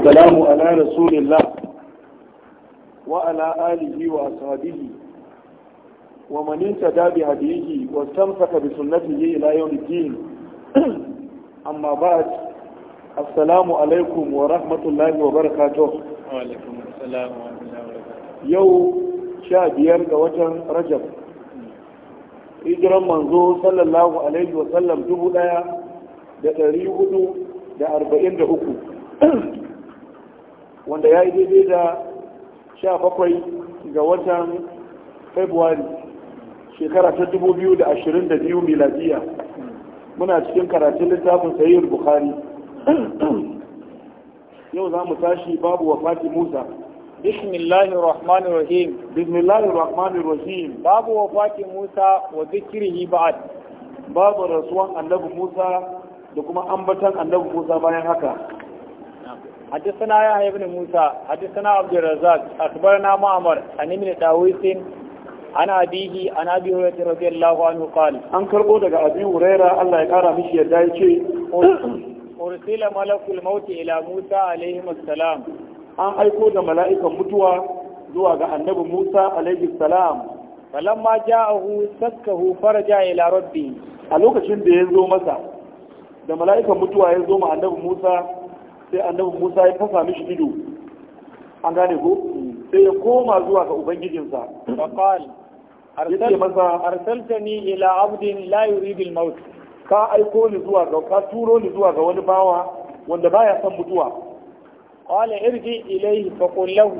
السلام على رسول الله وعلى آله وأصحابه ومن انتدى بهديه واستمسك بسنته إلى يوم الدين أما بعد السلام عليكم ورحمة الله وبركاته وعليكم السلام ورحمة الله وبركاته يوم شابير وجن رجب hijiran manzo sallallahu alaihi wasallam dubu daya da ɗari hudu da arba'in da uku wanda ya yi daidai da sha bakwai ga watan februari shekara ta dubu biyu da ashirin da biyu miladiya muna cikin karatun littafin sayyid bukhari yau za mu tashi babu wa fati musa بسم الله الرحمن الرحيم بسم الله الرحمن الرحيم باب وفاة موسى وذكره بعد باب الرسول النبي موسى kuma ambatan النبي موسى بيان هكا حدثنا يحيى بن موسى حدثنا عبد الرزاق اخبرنا معمر عن ابن داويس عن ابيه عن ابي هريره رضي الله عنه قال ان كربو دغ ابي هريره الله يقرا مشي يدايشي ورسل ملك الموت الى موسى عليه السلام ان ايكو ده ملائكه متوا زوا زوى النبي موسى عليه السلام فلما جاءه سكه فرجع الى ربي a lokacin da ya zo masa da mala'ikan mutuwa ya zo ma annabi Musa sai annabi musa ya fasa mishi ido an gane ko sai ya koma zuwa ga ubangijinsa faqal arsalta masa arsaltani ila abdin la yuridu al-maut ka aiko ni zuwa ga ka turo ni zuwa ga wani bawa wanda baya son mutuwa qala irji ilayhi qul lahu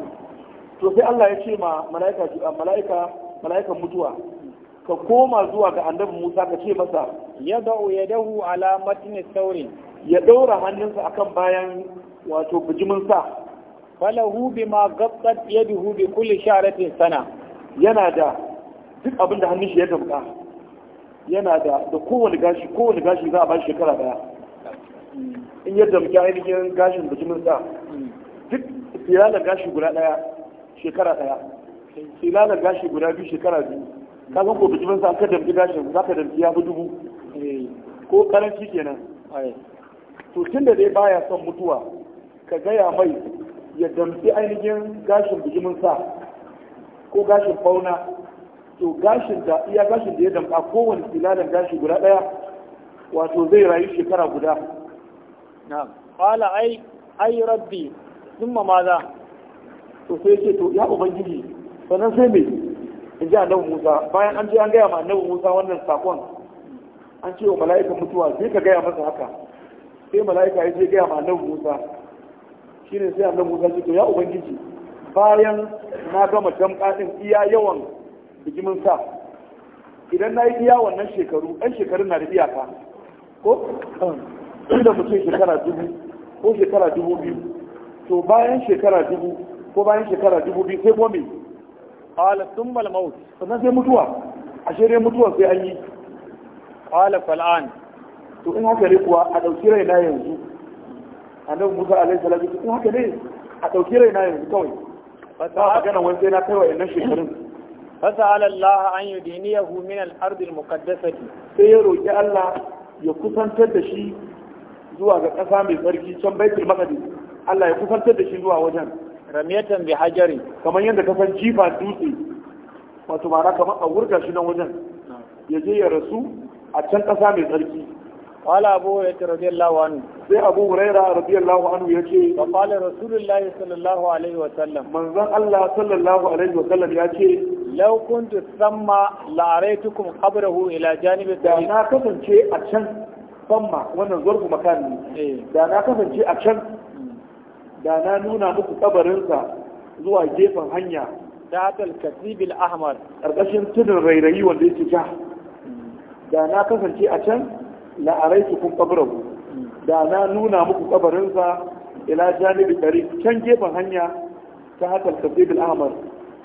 to sai Allah ya ce ma malaika malaika malaikan mutuwa ka koma zuwa ga annabi Musa ka ce masa yada'u yadahu ala matni saurin ya ɗaura hannunsa akan bayan wato bijiminsa bi ma gabbat yadihu bi kulli sharatin sana yana da duk abin da hannun shi ya gabka yana da da kowane gashi kowane gashi za a ba shekara daya in ya damki ainihin gashin bijimin sa duk filalar gashi guda daya shekara daya filalar gashi guda biyu shekara biyu ka san ko bijimin sa ka damki gashin za ka damki ya fi dubu eh. ko karanci kenan eh. to tun da dai baya son mutuwa ka gaya mai ya damfi ainihin gashin bijimin sa ko gashin fauna to gashin da iya gashin da ya damfa kowane filalan gashi guda ɗaya wato zai rayu shekara guda Na qala ai ai rabbi ma maza to sai ce to ya ubangiji sannan sai me in ji annabi Musa bayan an ce an gaya ma annabi Musa wannan sakon an ce wa mala'ikan mutuwa sai ka gaya masa haka sai mala'ika ya je gaya ma nan musa shi ne sai annan musa ce to ya ubangiji bayan na gama tamka din iya yawan bijimin sa idan na yi iya wannan shekaru ɗan shekarun na da iyaka ko da mutum shekara dubu ko shekara dubu biyu to bayan shekara dubu ko bayan shekara dubu biyu sai gome ala sun al sannan sai mutuwa ashe dai mutuwa sai an yi ala fal'an to in haka ne kuwa a ɗauki rai na yanzu a nan musa a salatu to in haka ne a ɗauki rai na yanzu kawai ba ta magana wani sai na kaiwa innan shekarun fasa alallaha an yi diniya hu min al'ardi al sai ya roƙi allah ya kusantar da shi zuwa ga ƙasa mai tsarki can baitul maqdis allah ya kusantar da shi zuwa wajen ramiyatan bi hajari kamar yadda ka jifa dutse wato ma'ana kamar a wurga shi nan wajen ya je ya rasu a can ƙasa mai tsarki Wala Abu Hurairah radiyallahu anhu. Sai Abu Hurairah radiyallahu anhu yace fa qala Rasulullahi sallallahu alaihi wa sallam. Manzon Allah sallallahu alaihi wa sallam yace law kuntu samma la araitukum qabrahu ila janibi da na kasance a can samma wannan zurfu makani eh. da na kasance a can da na nuna muku kabarinsa zuwa gefen hanya da tal kasibil ahmar karkashin tudun rairayi wanda yake ja hmm. da na kasance a can la araitukum qabrahu da na nuna muku kabarinsa ila janibi dari can gefen hanya ta hatar tafsir al-ahmar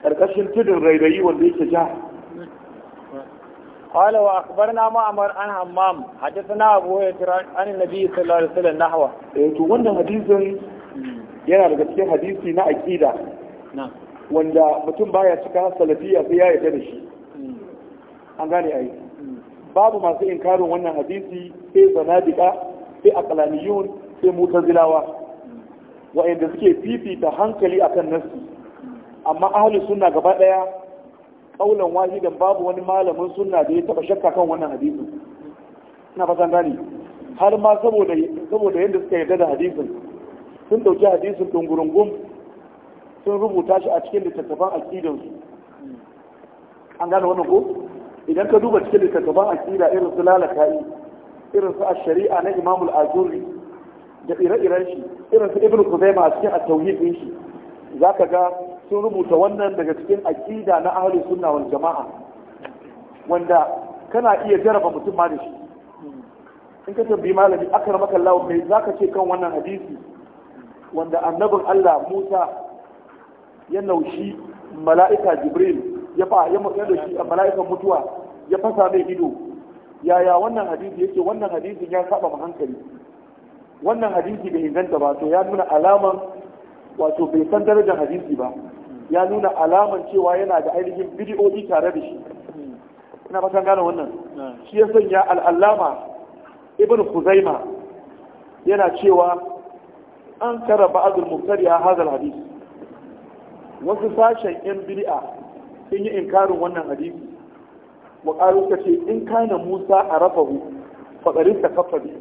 karkashin tudun rairayi wanda yake ja قال واخبرنا معمر عن همام حدثنا ابو هريره عن النبي صلى الله عليه وسلم نحوه to wannan hadisin yana daga cikin hadisi na aqida wanda mutum baya cika salafiya sai ya yarda da shi hmm. an gane ai babu masu inkarin wannan hadisi sai zanadika sai Akalaniyun, sai mutazilawa wa'anda suke fifita hankali akan nasu amma ahalin suna gaba daya kaulan wahidan babu wani malamin suna da ya taba shakka kan wannan hadisi ina fasan gani har ma saboda yadda suka yarda da hadisin sun dauki hadisin ɗungurungun, sun rubuta shi a cikin littattafan aƙidansu. an gane wannan ko idan ka duba cikin littattafan aƙida irin su lalaka'i irin su a sharia na imamul al-Azuri da ire-iren shi irin su Ibn kuzai a cikin a tauhidin shi shi ka ga sun rubuta wannan daga cikin aƙida na ahli sunna wal jama'a wanda kana iya jaraba mutum ma da shi in ka tambayi malami akramaka mai za ka ce kan wannan hadisi wanda annabin Allah Musa ya naushi mala'ika Jibril ya fa ya da mala'ikan mutuwa ya fasa mai ido yaya wannan hadisi yake wannan hadisin ya saba ma hankali wannan hadisi bai inganta ba to ya nuna alaman wato bai san darajar hadisi ba ya nuna alaman cewa yana da ainihin bidiyoyi tare da shi ina fatan gane wannan shi ya sanya al'allama ibn khuzaima yana cewa an kara ba'adul muftari a hadal hadisi wasu sashen yan bid'a sun yi inkarin wannan hadisi wa ƙaru ta ce in kana musa a rafahu faɗarin ta kafa ne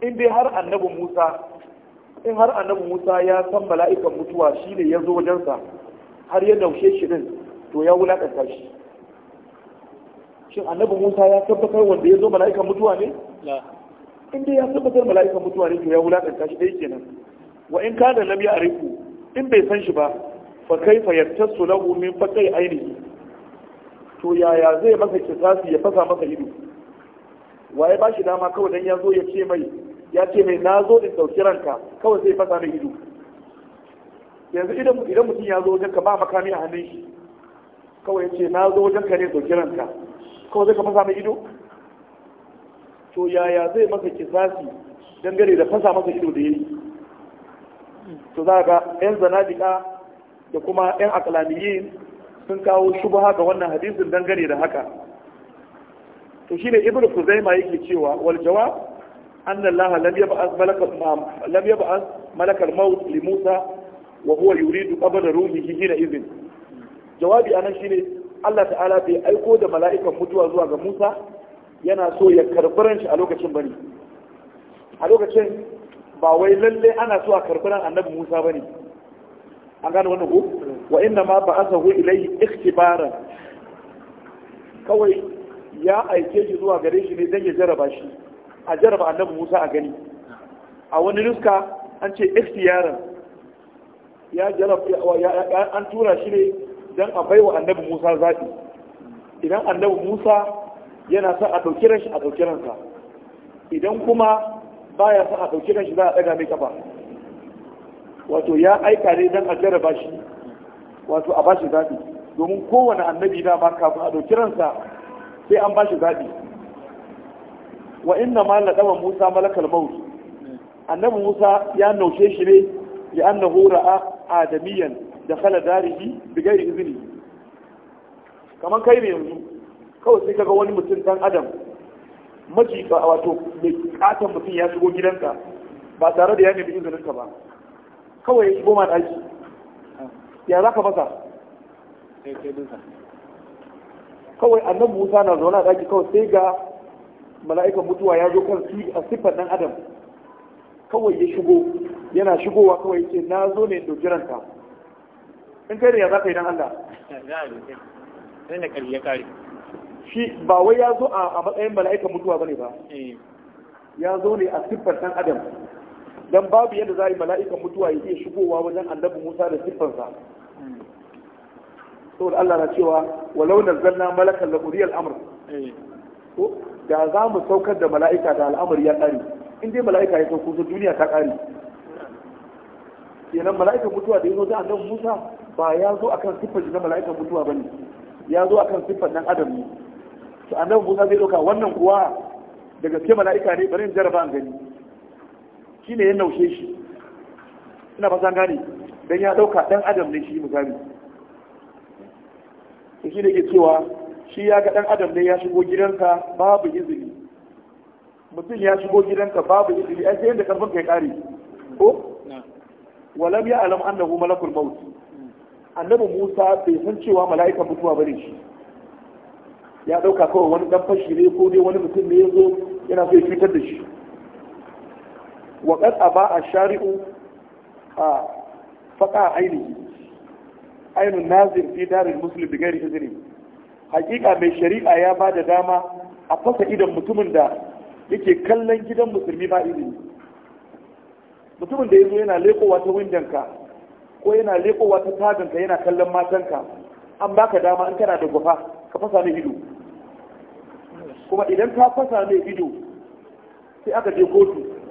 in dai har annabi musa in har annabi musa ya san mala'ikan mutuwa shi ne ya zo wajensa har ya naushe shi ɗin to ya wulaƙanta shi shin annabi musa ya tabbatar wanda ya zo mala'ikan mutuwa ne in dai ya tabbatar mala'ikan mutuwa ne to ya wulaƙanta shi ɗaya kenan wa in kana lam a arifu in bai san shi ba fa fa yattasu lahu min fakai ainihi to yaya zai masa kisasi ya fasa masa ido waye ba shi dama kawai dan ya zo ya ce mai ya ce mai na zo in dauki ranka kawai sai fasa mai ido yanzu idan idan mutum ya zo wajen ka ba makami a hannun shi kawai ya ce na zo wajen ka ne dauki ranka kawai zai ka fasa mai ido to yaya zai masa kisasi dangane da fasa masa ido da yayi to za ga yan zanadika da kuma 'yan akalaniyin sun kawo shubha ga wannan hadisin dangane da haka to shine ibnu kuzaima yake cewa wal jawab anna allah lam yab'ath malaka lam yab'ath maut musa wa huwa yuridu qabla ruhihi hina idhin jawabi anan shine allah ta'ala bai aiko da mala'ikan mutuwa zuwa ga musa yana so ya karbi shi a lokacin bane a lokacin ba wai lalle ana so a karbi annabi musa bane an gane wannan ko wa inna ma ba'athahu ilayhi ikhtibaran kawai ya aike shi zuwa gare shi ne dan ya jaraba shi a jaraba annabi Musa a gani a wani nuska an ce ikhtiyaran ya jaraba an tura shi ne dan a baiwa annabi Musa zaɓi. idan annabi Musa yana son a dauki shi a dauki ransa idan kuma baya son a dauki ransa za a daga mai kafa wato ya aika ne don a jarraba shi wato a bashi zaɓi domin kowane annabi da ma kafin a ɗauki ransa sai an bashi zaɓi wa inna ma laɗawa musa malakal maut annabi musa ya naushe shi ne ya hura ra'a adamiyan da kala darihi bi gairi izini kamar kai ne yanzu kawai sai kaga wani mutum dan adam maji wato mai katon mutum ya shigo gidanka ba tare da ya nemi izininka ba kawai ya shigo ma ɗaki ya za ka fasa? kawai annan musa na zaune a ɗaki kawai sai ga mala'ikan mutuwa ya zo kan a siffar ɗan adam kawai ya shigo yana shigowa kawai ce na zo ne da jiranta in kai da ya za ka yi dan Allah shi ba wai ya zo a matsayin mala'ikan mutuwa ba ne ba eh. ya zo ne a siffar ɗan adam dan babu yadda za a yi mala'ikan mutuwa ya iya shigowa wajen annabi musa da siffansa saboda allah na cewa walau nazzalna malakan la qudiyal amr eh. da za mu saukar da mala'ika da al'amari ya ƙare, in dai mala'ika ya sauko sai duniya ta ƙare, kenan mala'ikan mutuwa da ya zo da annabi musa ba ya zo akan siffar na mala'ikan mutuwa bane ya zo akan siffar dan adam ne to annabi musa zai ɗauka wannan kuwa daga gaske mala'ika ne bari in jarraba an gani shi ne ya naushe shi ina fasa gane don ya ɗauka ɗan adam ne shi misali Su shi ne ke cewa shi ya ga ɗan adam ne ya shigo gidanka babu izini mutum ya shigo gidanka babu izini ai sai yadda karfin kai ya ƙare ko walam ya alam annahu malakul maut annabi Musa bai san cewa mala'ikan mutuwa bane shi ya ɗauka kawai wani dan fashi ne ko dai wani mutum ne ya zo yana so ya cutar da shi wa kad aba shariu a faqa aini ainu nazir fi daril muslim bi ghairi izini hakika mai shari'a ya ba da dama a fasa idan mutumin da yake kallon gidan musulmi ba izini mutumin da yazo yana lekowa ta windanka ko yana lekowa ta taganka yana kallon matanka an baka dama an kana da gufa ka fasa mai ido kuma idan ka fasa mai ido sai aka je kotu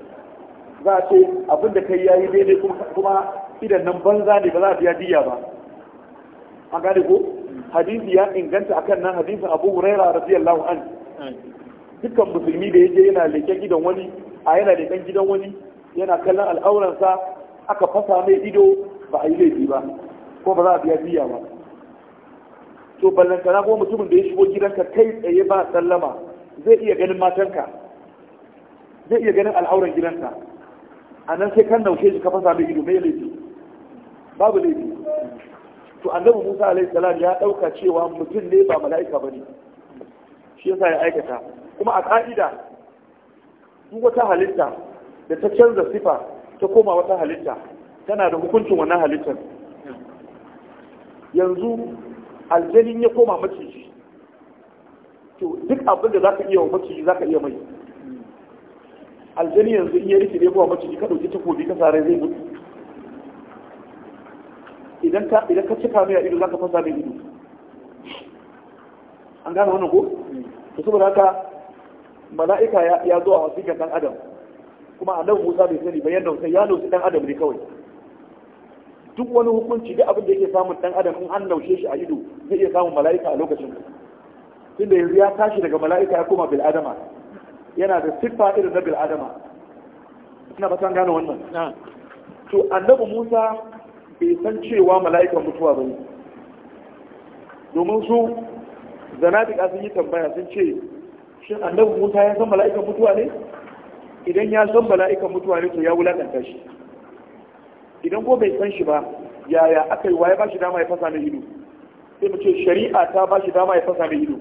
za a ce abin da kai yayi daidai kuma idan nan banza ne ba za a biya diya ba an gane ko hadisi ya inganta akan nan hadisin Abu Huraira radiyallahu an dukkan musulmi da yaje yana leken gidan wani a yana leken gidan wani yana kallon al'auransa aka fasa mai ido ba a yi laifi ba ko ba za a biya diya ba to ballantana ko mutumin da ya shigo gidanka kai tsaye ba sallama zai iya ganin matanka zai iya ganin al'auran gidanka a nan sai kan naushe shi ka fasa mai ido mai laifi babu laifi to annabi musa alaihi salam ya dauka cewa mutum ne ba mala'ika ne. shi yasa ya aikata kuma a ka'ida duk wata halitta da ta canza sifa ta koma wata halitta tana da hukuncin wannan halittar yanzu aljanin ya koma maciji to duk abinda da zaka iya wa maciji zaka iya mai aljani yanzu iya ya rike ne kuma maciji ka ɗauki takobi ka sare zai mutu idan ka idan ka cika mai ido zaka fasa mai ido an gane wannan ko to saboda haka mala'ika ya zo a wasiƙar dan adam kuma annabi Musa bai sani ba yadda sai ya lauci dan adam ne kawai duk wani hukunci da abin da yake samun dan adam in an laushe shi a ido zai iya samun mala'ika a lokacin tunda yanzu ya tashi daga mala'ika ya koma bil adama yana da siffa irin na bil adama ina ba san gane wannan to annabi Musa bai san cewa mala'ikan mutuwa ba ne domin su zanadika sun yi tambaya sun ce shin annabi Musa ya san mala'ikan mutuwa ne idan ya san mala'ikan mutuwa ne to ya wulakanta shi idan ko bai san shi ba yaya aka yi waye ba shi dama ya fasa mai ido sai mu ce shari'a ta ba shi dama ya fasa mai ido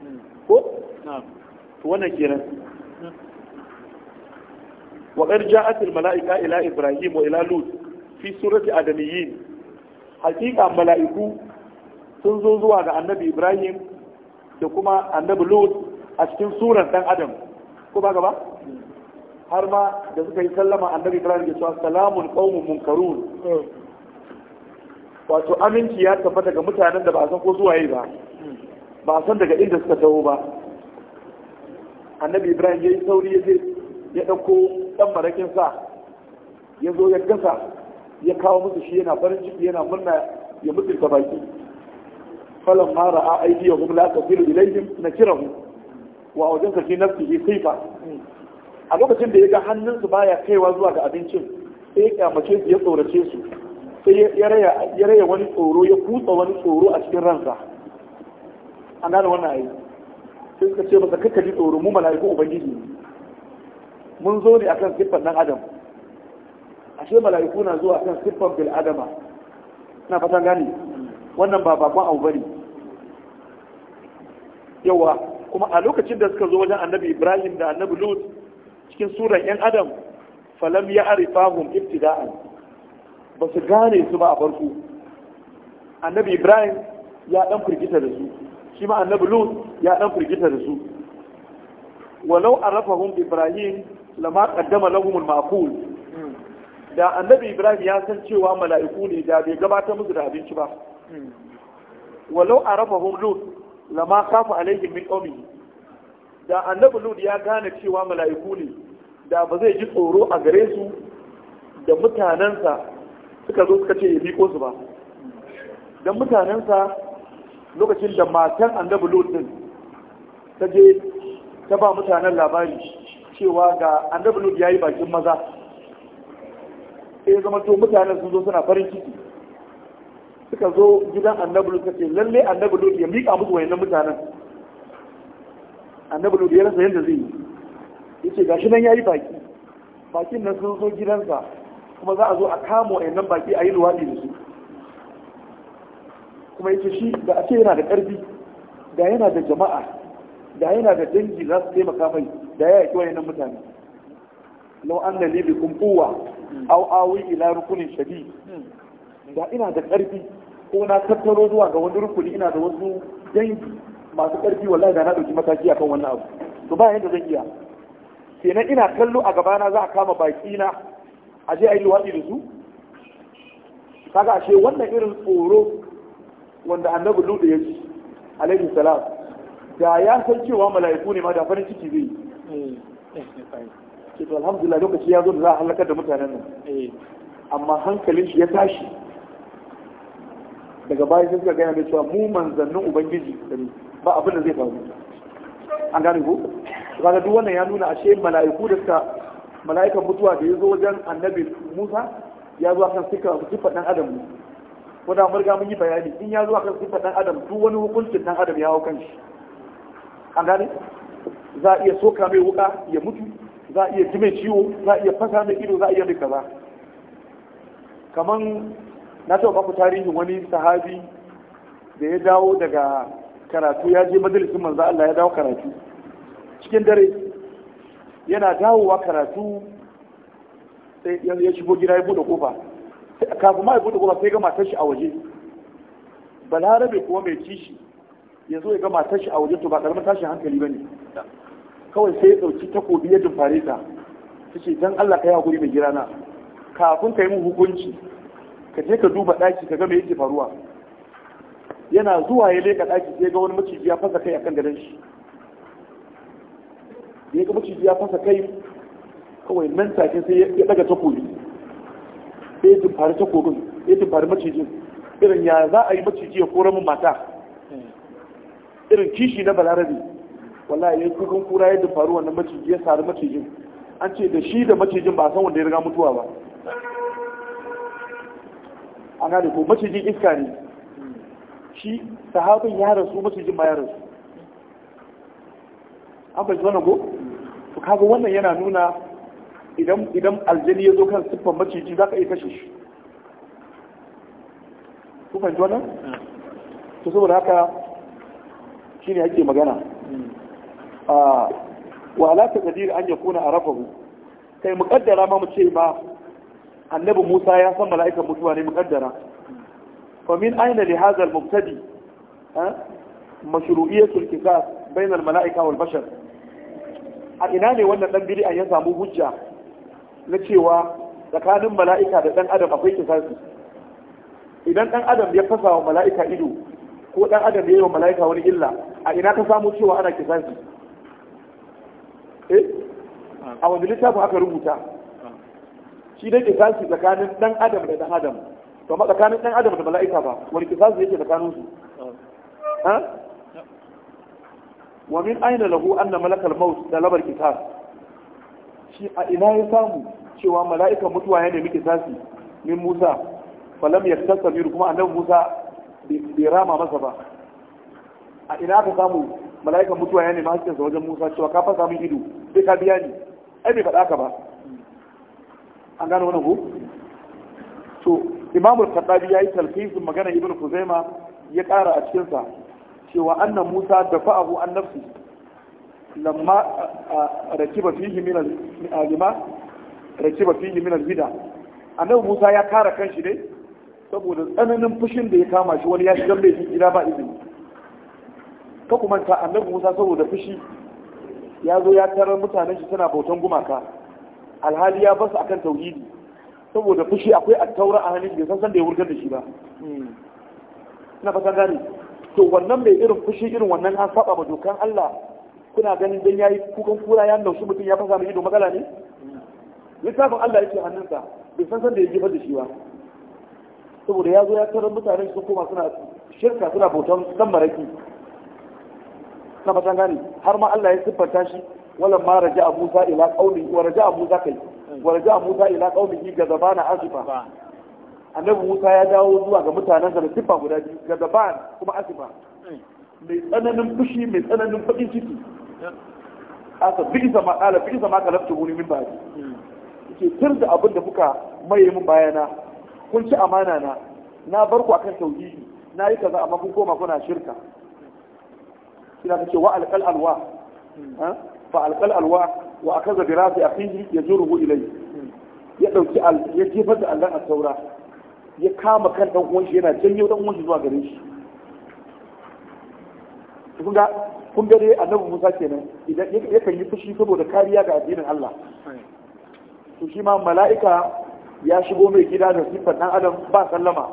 hmm. ko to wannan kenan wa qad ja'at al mala'ika ila ibrahim wa ila lut fi surati adamiyyin hakika mala'iku sun zo zuwa ga annabi ibrahim da kuma annabi lut a cikin surar dan adam ko ba gaba har ma da suka yi sallama annabi ibrahim ya cewa salamun qaumun munkarun wato aminci ya tafi daga mutanen da ba san ko zuwa yi ba ba san daga inda suka taho ba annabi ibrahim ya yi sauri ya je ya ɗauko ɗan marakin sa ya zo ya gasa ya kawo musu shi yana farin ciki yana murna ya mutu da baki ya ma ra'a aidiyahum la tasilu ilayhim nakirahu wa wajen kashi nafsihi sifa a lokacin da ya ga hannunsu baya kaiwa zuwa ga abincin sai ya kyamace su ya tsorace su sai ya raya wani tsoro ya kutsa wani tsoro a cikin ransa an gane wannan ayi sai suka ce masa kakka ji tsoro mu mala'iku ubangiji ne mun zo ne akan siffar dan adam ashe mala'iku na zuwa akan siffar bil adama na fatan gani wannan ba bakon abu bane yawa kuma a lokacin da suka zo wajen annabi ibrahim da annabi lut cikin surar yan adam falam ya arifahum ibtida'an ba su gane su ba a farko annabi ibrahim ya dan firgita da su shi ma annabi lut ya dan firgita da su ولو عرفهم ibrahim lama qaddama lahumul ma'qul da annabi ibrahim ya san cewa mala'iku ne da bai gabatar musu da abinci ba walau arafahum lut lama kafa alaihim min qawmi da annabi lut ya gane cewa mala'iku ne da ba zai ji tsoro a gare su da mutanansa suka zo suka ce ya biko su ba dan mutanansa lokacin da matan annabi lut din ta je ta ba mutanen labari cewa ga annabi ya yayi bakin maza sai zama to mutanen sun zo suna farin ciki suka zo gidan annabi ka ce lalle annabi ya mika musu wayannan mutanen annabi da ya rasa yadda zai yi yace gashi nan yayi baki bakin nan sun zo gidansa kuma za a zo a kama wayannan baki a yi luwadi da su kuma yace shi da a ce yana da karfi da yana da jama'a da yana da dangi za su taimaka mai da ya yaki wayannan mutane lau an da ne bikin kowa au awi ila rukunin shadi da ina da ƙarfi ko na tattaro zuwa ga wani rukuni ina da wasu dangi masu ƙarfi wallahi da na ɗauki mataki akan wannan abu to ba yadda zan iya kenan ina kallo a gabana za a kama baki na a je a yi luwaɗi da su kaga ashe wannan irin tsoro wanda annabi Ludi ya ji alaihi salam da ya san cewa mala'iku ne ma da farin ciki zai ce eh, eh, eh, to alhamdulillah lokaci ya zo da za a halakar da mutanen nan amma hankalin shi ya tashi daga baya sai suka gaya mai cewa mu manzannin ubangiji ba abin da zai faru an gane ku? kaga duk wannan ya nuna a ashe mala'iku da suka mala'ikan mutuwa da ya zo wajen annabi Musa ya zo akan suka sifa dan adam mu ko da mun mun yi bayani in ya zo akan sifa dan adam duk wani hukuncin dan adam ya hau kan shi. an gane za a iya soka mai wuka ya mutu za a iya ji ciwo za a iya fasa mai ido za a iya mai kaza kaman na taɓa baku tarihin wani sahabi da ya dawo daga karatu ya je majalisin manzo Allah ya dawo karatu cikin dare yana dawowa karatu sai ya shigo gida ya bude kofa kafin ma ya bude kofa sai ga matar shi a waje balarabe kuma mai kishi ya zo ya ga matar shi a wajen to ba karamin tashin hankali ba ne kawai sai ya dauki takobi ya dumfare ta ta ce don Allah ka yi hakuri mai girana kafin ka yi mun hukunci ka je ka duba daki ka ga me yake faruwa yana zuwa ya leka daki sai ga wani maciji ya fasa kai akan gadon shi ya ga maciji ya fasa kai kawai nan take sai ya daga takobi sai ya dumfari takobin ya dumfari macijin irin ya za a yi maciji ya kora mun mata eh. irin kishi na balarabe wallahi ya kukan kura yadda faru wannan maciji ya sari macijin an ce da shi da macijin ba a san wanda ya riga mutuwa ba a gane ko macijin iska ne shi sahabin ya rasu macijin ma ya rasu an fahimci wannan ko to kaga wannan yana nuna idan idan aljani ya zo kan siffar maciji za ka iya kashe shi ku fahimci wannan hmm. to saboda haka shine ake magana a wa la taqdir an yakuna arafahu kai muqaddara ma mu ce ba annabi Musa ya san mala'ikan mutuwa ne muqaddara fa min aina li hadha mubtadi mashru'iyyatu kitab bayna al mala'ika wal bashar a ina ne wannan dan bid'a ya samu hujja na cewa tsakanin mala'ika da dan adam akwai kisasi idan dan adam ya fasa wa mala'ika ido ko dan adam ya yi wa mala'ika wani illa a ina ka samu cewa ana kisasi eh a wanda littafin aka rubuta shi dai kisasi tsakanin dan adam da dan adam to ma tsakanin dan adam da mala'ika ba wani kisasi yake tsakanin su ha wa min aina lahu anna malakal maut da labar kitab shi a ina ya samu cewa mala'ika mutuwa ya nemi kisasi min Musa falam yaktasabiru kuma annabi Musa bai rama masa ba a ina ka samu mala'ikan mutuwa ya nema hakkinsa wajen musa cewa ka fasa min ido sai ka biya ni ai bai faɗa ka ba an gano wannan ko to imamul ya yayi talqisin magana ibnu kuzaima ya ƙara a cikin sa cewa annan musa da fa'ahu an nafsi lamma rakiba fihi min al-alima rakiba fihi min al-bida annabi musa ya kara kanshi ne saboda tsananin fushin da ya kama shi wani ya shigar da gida ba izini ka kuma ta annabi Musa saboda fushi ya zo ya tarar mutanen shi suna bautan gumaka alhali ya basu akan tauhidi saboda fushi akwai attaura a hannun bai san san da ya wurgar da shi ba hmm. ina fata gane to wannan mai irin fushi irin wannan an saba ba dokan Allah kuna ganin dan yayi kukan kura ya nausu mutum ya fasa mai ido magana ne littafin Allah yake hannunsa bai san san da ya jefar da shi ba saboda ya zo ya tarar mutanen sun koma suna shirka suna bautan dan maraki na fatan gani har ma Allah ya siffanta shi walan ma raja abu za ila kauli wa raja abu za kai wa raja abu za ila ga zabana asifa annabi Musa ya dawo zuwa ga sa da siffa guda biyu gazaban kuma asifa mai tsananin fushi mai tsananin fakin ciki aka bi isa ma kala bi isa ma kala ta guni min ba ke tir da abin da kuka maye min bayana kun ci amana na na bar ku akan tauhidi na yi kaza amma kun koma kuna shirka kina kace wa alqal alwa fa alqal alwa wa akaza bi rafi akhihi yajuruhu ilayhi ya dauki ya jefar da Allah a saura ya kama kan dan uwan shi yana janyo dan uwan shi zuwa gare shi kun ga kun ga dai annabi Musa kenan idan yakan yi fushi saboda kariya ga addinin Allah to shi ma mala'ika ya shigo mai gida da siffar dan adam ba sallama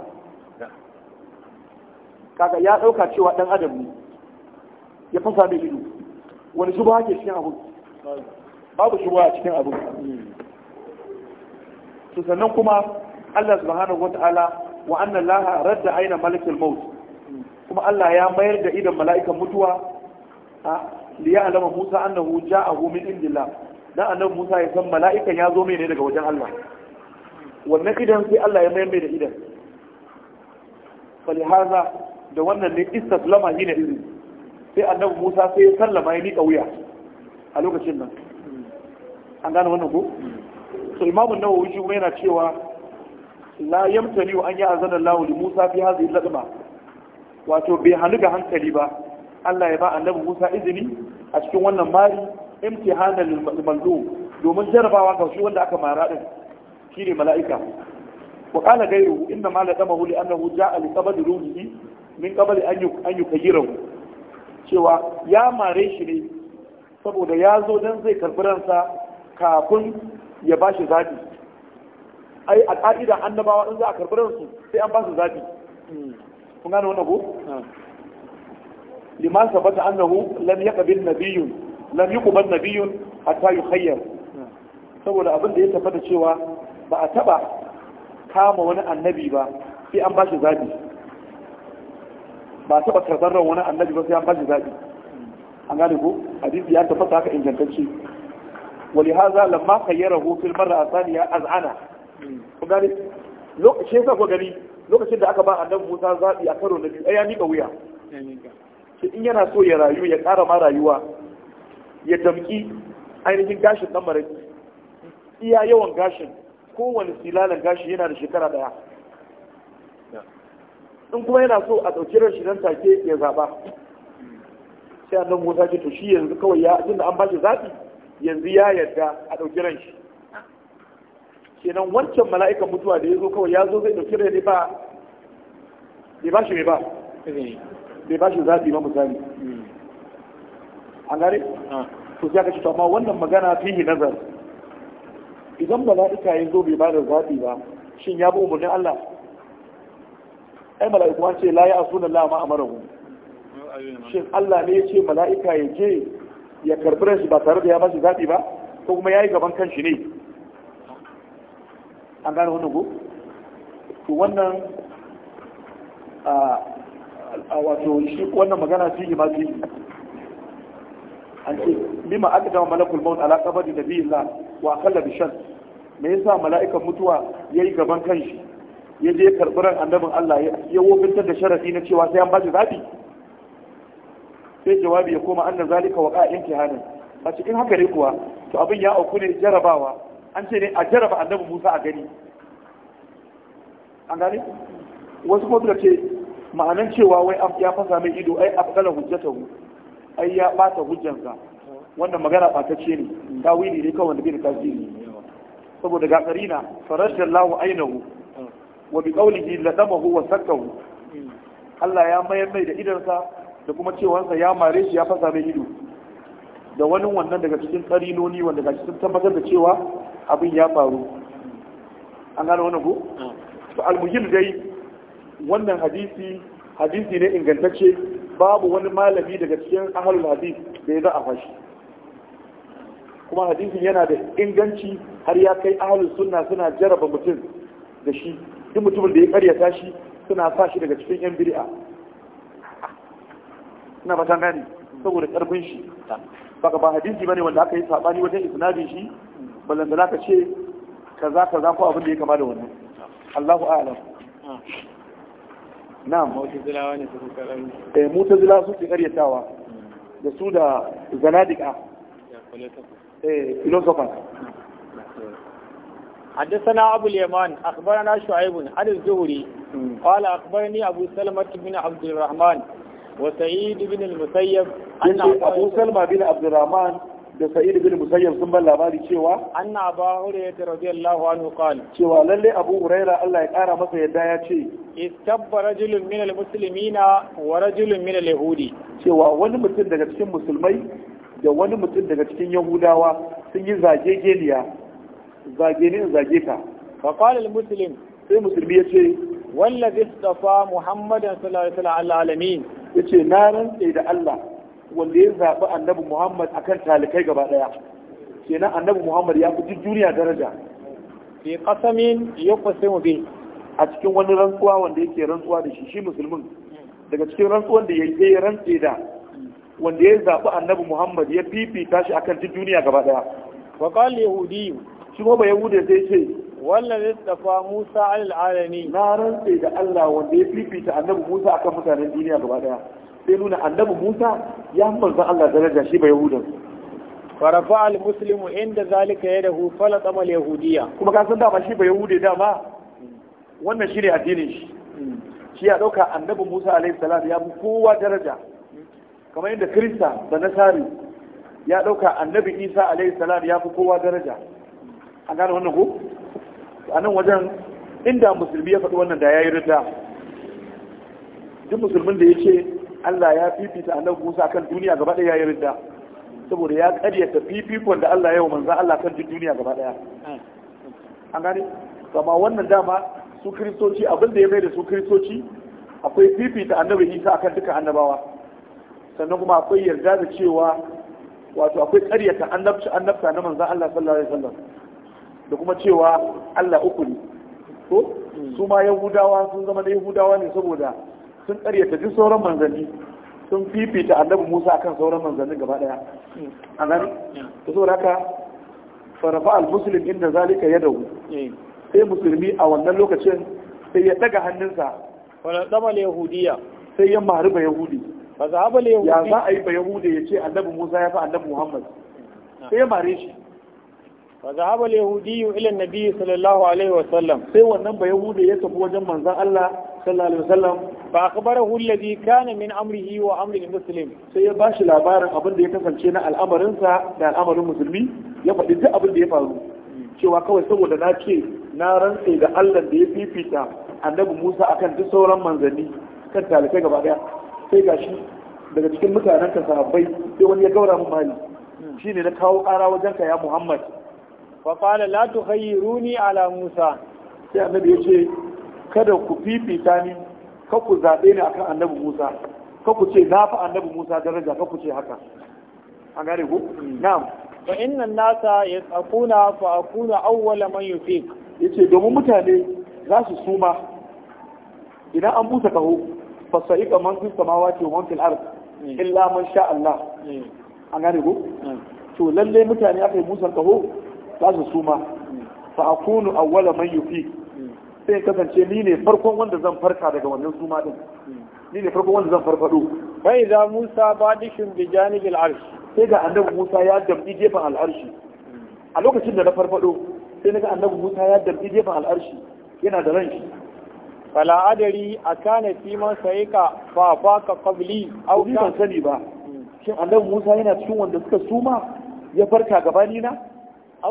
kaga ya ɗauka cewa dan adam ne ya fasa mai ido wani shubha ke cikin abu babu shubha a cikin abu to sannan kuma Allah subhanahu wata'ala wa anna Allah radda aina malakil maut kuma Allah ya mayar da idan mala'ikan mutuwa a liya alama Musa annahu ja'ahu min indillah dan annabi Musa ya san mala'ikan ya zo mai ne daga wajen Allah wannan idan sai Allah ya mayar mai da idan falihaza da wannan ne istaslama hina izini sai annabi musa sai ya sallama ya miƙa wuya a lokacin nan an gane wannan ko imamu nawa wuji kuma yana cewa la yamtani wa an yi azanar lahu li musa fi hazi ladma wato bai hannu ga hankali ba Allah ya ba annabi musa izini a cikin wannan mari imtihana lil mazlum domin jarabawa ga shi wanda aka mara din shine mala'ika wa kana gairu inna ma ladama li annahu ja'a li qabdi ruhihi min qabli an yukayyirahu cewa ya mare shi ne saboda ya zo don zai karfi ransa kafin ya ba shi zaɓi ai a ƙa'ida annabawa in za a karfi ransu sai an ba su zaɓi kun gane wani ko liman sabata annahu lam yaqbil nabiyun lam a ta yi yukhayyar saboda abin da ya tabbata cewa ba a taba kama wani annabi ba sai an ba shi zaɓi ba a karɓar ran wani annabi ba sai an bashi zaɓi an gane ko hadisi ya tabbata haka ingantacce wali haza lamma kayyara hu fil marra ya az'ana kun gane lokacin sa ko gani lokacin da aka ba annabi Musa zaɓi a karo na biyu ɗaya ya mika wuya shi in yana so ya rayu ya ƙara ma rayuwa ya damƙi ainihin gashin ɗan maraki iya yawan gashin kowane silalar gashi yana da shekara ɗaya in kuma yana so a ɗauki ran shi nan take ya zaɓa sai annan musa ce to shi yanzu kawai ya tunda an bashi zaɓi yanzu ya yarda a ɗauki ran shi kenan wancan mala'ikan mutuwa da ya zo kawai ya zo zai ɗauki ran ne ba bai ba shi ne ba bai ba shi zaɓi ba misali an gari? Ah. to sai aka ce to amma wannan magana fihi nazar idan mala'ika ya zo bai ba da zaɓi ba shin ya bi umarnin Allah ai mala'iku an ce la ya asuna la ma amarahu shin Allah ne ya ce mala'ika ya je ya karbi shi ba tare da ya bashi zaɓi ba ko kuma ya yi gaban kanshi ne an gane wannan ku to wannan a wato shi wannan magana fi ma fiye an ce bima aka dama malakul maut ala kabari da biyin wa akalla bishan me yasa mala'ikan mutuwa ya yi gaban kanshi ya je karɓi annabin Allah ya wofintar da sharafi na cewa sai an ba shi zaɓi sai jawabi ya koma annan zalika wa ƙa'in tihanin a cikin haka ne kuwa to abin ya auku ne jarabawa an ce ne a jaraba annabin Musa a gani an gane wasu kuma ce ma'anan cewa wai ya fasa mai ido ai a hujjata mu, ai ya bata hujjansa wannan magana ɓatacce ne tawili ne kawai da bin tasiri saboda gasarina karina lawo Allahu ainahu wa bi qawlihi ladamahu wa sakahu Allah ya mayar mai da idansa da kuma cewansa ya mare shi ya fasa mai ido da wani wannan daga cikin tsarinoni wanda ga cikin tabbatar da cewa abin ya faru an gano wannan ko to almuhim dai wannan hadisi hadisi ne ingantacce babu wani malami daga cikin ahlul hadis da ya za a fashi kuma hadisin yana da inganci har ya kai ahlus sunna suna jaraba mutum da shi duk mutumin da ya karyata shi suna sa shi daga cikin yan biri'a, suna ba gani saboda karfin shi baka ba hadisi bane wanda aka yi sabani wajen isnadin shi ballan da ka ce ka za ko abin da ya kama da wannan Allahu a'lam na'am mutazilawa ne su karan eh su ke karyatawa da su da zanadika eh filosofa حدثنا أبو اليمان أخبرنا شعيب عن الزهري قال أخبرني أبو سلمة بن عبد الرحمن وسعيد بن المسيب أن أبو سلمة بن عبد الرحمن da sa'id bin musayyab sun ban labari cewa anna abu hurairah radiyallahu anhu qala cewa lalle abu huraira Allah ya kara masa yadda ya ce istabba rajulun min almuslimina wa rajulun min alyahudi cewa wani mutum daga cikin musulmai da wani mutum daga cikin yahudawa sun yi zage geliya zage ni zage ka fa Musulun. sai musulmi ya ce wallazi istafa muhammadan sallallahu alaihi wasallam Ya ce na rantse da Allah wanda ya zaɓi annabi muhammad akan talikai gaba daya kenan annabi muhammad ya fi duniya daraja fi qasamin yuqsimu bi a cikin wani rantsuwa wanda yake rantsuwa da shi shi musulmin daga cikin rantsuwan da yayi ya rantse da wanda ya zaɓi annabi muhammad ya fifita shi akan duniya gaba daya wa qala yahudiyyu shi kuma bai yahuda sai ce Wannan Lissafa musa alal alami na rantse da allah wanda ya fifita annabi musa akan mutanen duniya gaba daya sai nuna annabi musa ya manzan allah daraja shi bai yahudan farafa al-muslimu inda zalika ya dahu falatama yahudiya kuma ka san dama shi bai yahude dama wannan shi ne addinin shi shi ya ɗauka annabi musa alaihi salam ya bi kowa daraja kamar yadda kirista da nasari ya ɗauka annabi isa alaihi salam ya fi kowa daraja a gane wannan ko a nan wajen inda musulmi ya faɗi wannan da ya yi rita duk musulmin da ya ce Allah ya fifita annabi Musa kan duniya gaba ɗaya ya yi rita saboda ya ƙaryata fifikon da Allah ya yi manzan Allah kan duniya gaba ɗaya an gane kama wannan dama su kristoci abin da ya mai da su kristoci akwai fifita annabi Isa akan duka annabawa sannan kuma akwai yarda da cewa wato akwai ƙaryata annabci annabta na manzan Allah sallallahu alaihi wasallam da kuma cewa Allah uku ne to hmm. su ma yahudawa sun zama na yahudawa ne saboda sun karyata duk sauran manzanni sun fifita annabi Musa akan sauran manzanni gaba daya a nan to saboda haka farafa al-muslim inda zalika ya dawo sai musulmi a wannan lokacin sai ya daga hannunsa wala dama yahudiya sai ya mahari ba yahudi ba za a ba yahudi ya za a yi ba yahudi ya ce annabi Musa ya fi annabi Muhammad sai ya mare shi fa zahaba yahudi ila nabi sallallahu alaihi wa sallam sai wannan ba yahudi ya tafi wajen manzan Allah sallallahu alaihi wa sallam fa akhbarahu alladhi kana min amrihi wa amri muslim sai ya bashi labarin abin da ya kasance na al'amarin sa da al'amarin musulmi ya faɗi duk abin da ya faru cewa kawai saboda na ce na rantse da Allah da ya fifita annabi Musa akan duk sauran manzanni kan talibai gaba daya sai gashi daga cikin mutanen ka sahabbai sai wani ya gaura mun mali hmm. shine na kawo kara wajen kaya Muhammad fa qala la tukhayyiruni ala musa sai annabi ce kada ku fifita ni ka ku zaɓe ni akan annabi musa ka ku ce na fi annabi musa daraja ka ku ce haka an gane ku na'am fa inna nasa yasquna fa akuna awwala man yufiq yace domin mutane za su suma idan an busa kaho fa sa'iqa man fi samawati wa man fil ard illa man sha Allah hmm. an gane ku hmm. to lalle mutane aka yi musan kaho za su suma fa akunu awwala man yufi sai kasance ni ne farkon wanda zan farka daga wannan suma din ni ne farkon wanda zan farfado fa idza musa badishun bi janibil arsh sai ga annabi musa ya dabbi gefen al'arshi a lokacin da na farfado sai naga annabi musa ya dabbi gefen al'arshi yana da ranshi fala adari akana fi man sayka fa ka qabli au kan sani ba shin annabi musa yana cikin wanda suka suma ya farka ni na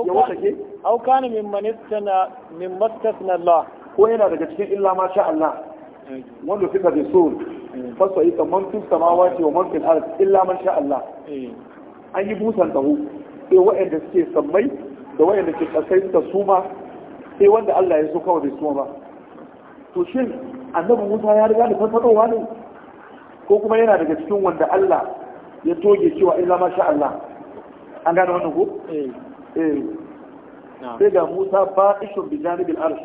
ya wasake au kana min manistana min mastasna Allah ko yana daga cikin illa ma sha Allah eh. wanda suka bi so eh. fasa yi kaman tun samawati wa man fil ard illa man sha Allah eh. an yi busan taho sai waɗanda suke sammai da waɗanda ke kasai suka suma sai wanda Allah ya so kawai bai suma ba to shin annabi Musa ya riga da farfadowa ne ko kuma yana daga cikin wanda Allah ya toge cewa illa ma sha Allah an gane wannan ko sai ga Musa baqishun bi janibil arsh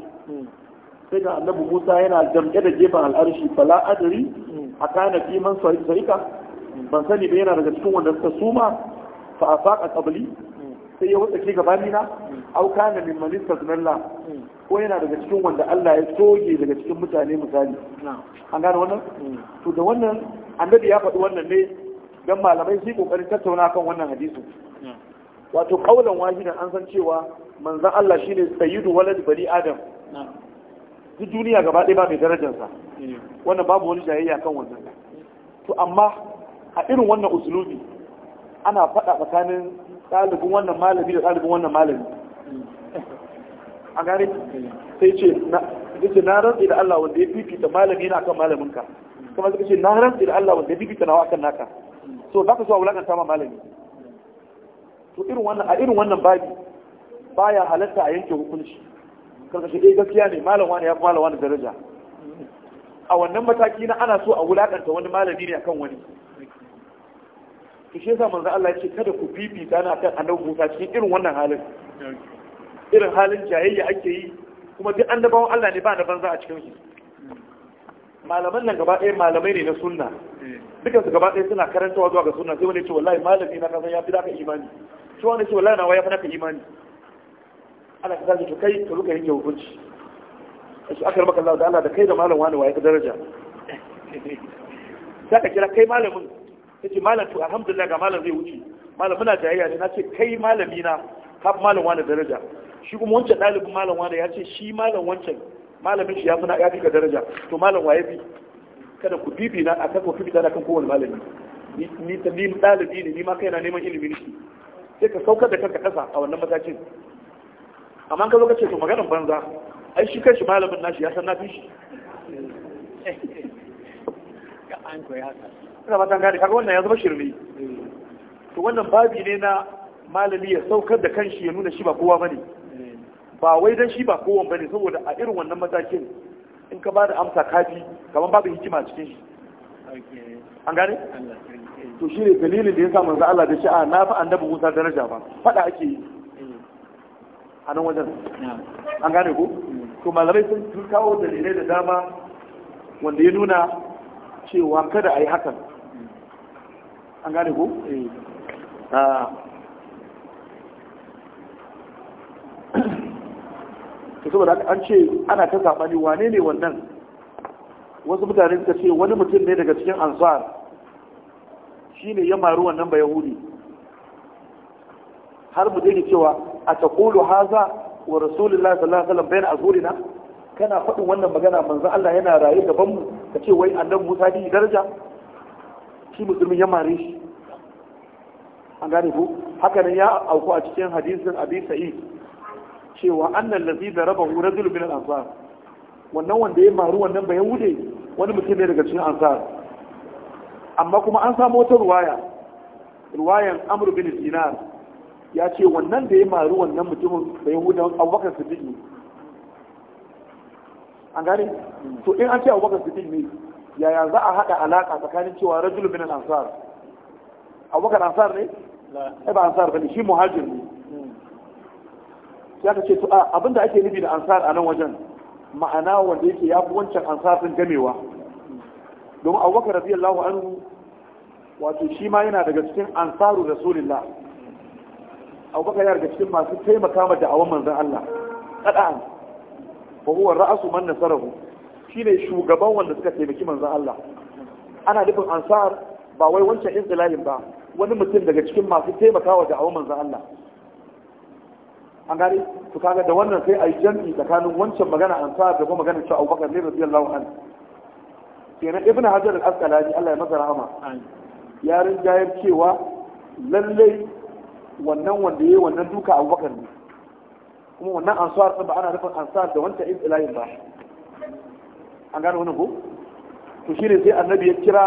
sai ga annabi Musa yana jam'e da gefen al'arshi fala adri akana fi man sarika ban sani ba yana daga cikin wanda suka suma fa afaqa qabli sai ya wuce ke gabani na au kana min malika zunalla ko yana daga cikin wanda Allah ya soge daga cikin mutane misali an gane wannan to da wannan annabi ya faɗi wannan ne dan malamai sai kokarin tattauna kan wannan hadisi wato kaulan wahidan an san cewa manzan Allah shine sayyidu walad bari adam duk duniya gaba ɗaya ba mai darajarsa wannan babu wani jayayya kan wannan to amma a irin wannan usulubi ana faɗa tsakanin ɗalibin wannan malami da ɗalibin wannan malami hmm. a gane sai ce ce na rantsi da Allah wanda ya fifita malami na kan malaminka kuma suka ce na rantsi da Allah wanda ya fifita nawa kan naka hmm. so zaka ka so a wulakanta ma malami to irin wannan a irin wannan babi baya halatta a yanke hukunci karkashi eh, dai gaskiya ne malam wani ya fi malam wani daraja a wannan mataki na ana so a wulakanta wani malami ne akan wani to shi yasa manzo Allah ya ce kada ku fifita na kan annabi Musa cikin irin wannan halin irin halin jayayya ake yi kuma duk annabawan Allah ne ba na banza a cikin shi. malaman nan gaba ɗaya malamai ne na sunna eh. dukansu gaba ɗaya suna karantawa zuwa ga sunna sai wani ce wallahi malami na kasan ya fi da imani shi wanda ce wallahi nawa ya fana ka imani ana ka zaki to kai ka ruka yin hukunci shi aka maka Allah da Allah da kai da malam wani waye ka daraja za ka kira kai malamin kace malam to alhamdulillah ga malam zai wuce malam muna jayayya ne na ce kai malami na ka malam wani daraja shi kuma wancan ɗalibin malam wani ya ce shi malam wancan malamin shi ya fi ya fi ka daraja to malam waye fi kada ku bibi na a kan ku bibi na kan kowane malami ni ni ɗalibi ne ni ma kaina neman ilimi ne sai ka saukar da kanka kasa a wannan matakin amma ka zo ka ce to maganin banza ai shi shi malamin nashi ya san na fi ka an koyi haka ina ba gane kaga wannan ya zama shirme to wannan babi ne na malami ya saukar da kanshi ya nuna shi ba kowa bane ba wai dan shi ba kowa bane saboda a irin wannan matakin in ka ba da amsa kafi kamar babu hikima cikin shi an gane to shi ne dalilin da ya sa manzo Allah da sha'a na fi annabi Musa daraja ba fada ake yi a nan wajen an gane ko to malamai sun kawo dalilai da dama wanda ya nuna cewa kada a yi hakan an gane ko eh. ta saboda an ce ana ta sabani wane ne wannan wasu mutane suka ce wani mutum ne daga cikin ansar Shi ne ya maru wannan ba yahudi har mu dai cewa a taqulu haza wa rasulullahi sallallahu alaihi wasallam bayan azurina kana faɗin wannan magana manzo Allah yana raye gaban mu kace wai annabi Musa bi daraja shi musulmi ya mare shi an gane ku haka nan ya auku a cikin hadisin abi sa'id cewa annal ladhi darabahu rajul min al-ansar wannan wanda ya maru wannan bai yahudi wani mutum ne daga cikin ansar amma kuma an samu wata ruwaya ruwayan amr bin dinar ya ce wannan da ya maru wannan mutumin da yahudan abubakar su ne an gane to in an ce abubakar su ne yaya za a haɗa alaƙa tsakanin cewa rajul bin ansar abubakar ansar ne ai eh, ba ansar bane shi muhajir ne ya ka ce to abinda ake nufi da ansar a nan wajen ma'ana wanda yake ya fi wancan ansar din gamewa domin abubakar radiyallahu anhu wato shi ma yana daga cikin ansaru rasulillah abubakar yana daga cikin masu taimaka ma da'awan manzan Allah ƙada'an fa huwa ra'su man nasarahu ne shugaban wanda suka taimaki manzan Allah ana nufin ansar ba wai wancan insilahin ba wani mutum daga cikin masu taimaka wa da'awan manzan Allah an gane su kaga da wannan sai a yi jam'i tsakanin wancan magana ansar da kuma maganar cewa abubakar ne radiyallahu anhu kenan ibn hajar al-asqalani Allah ya masa rahama ya ya cewa lallai wannan wanda yayi wannan duka abubakar ne kuma wannan ansar din ba ana rufin ansar da wanda ibn ba an gano wannan ko to shine sai annabi ya kira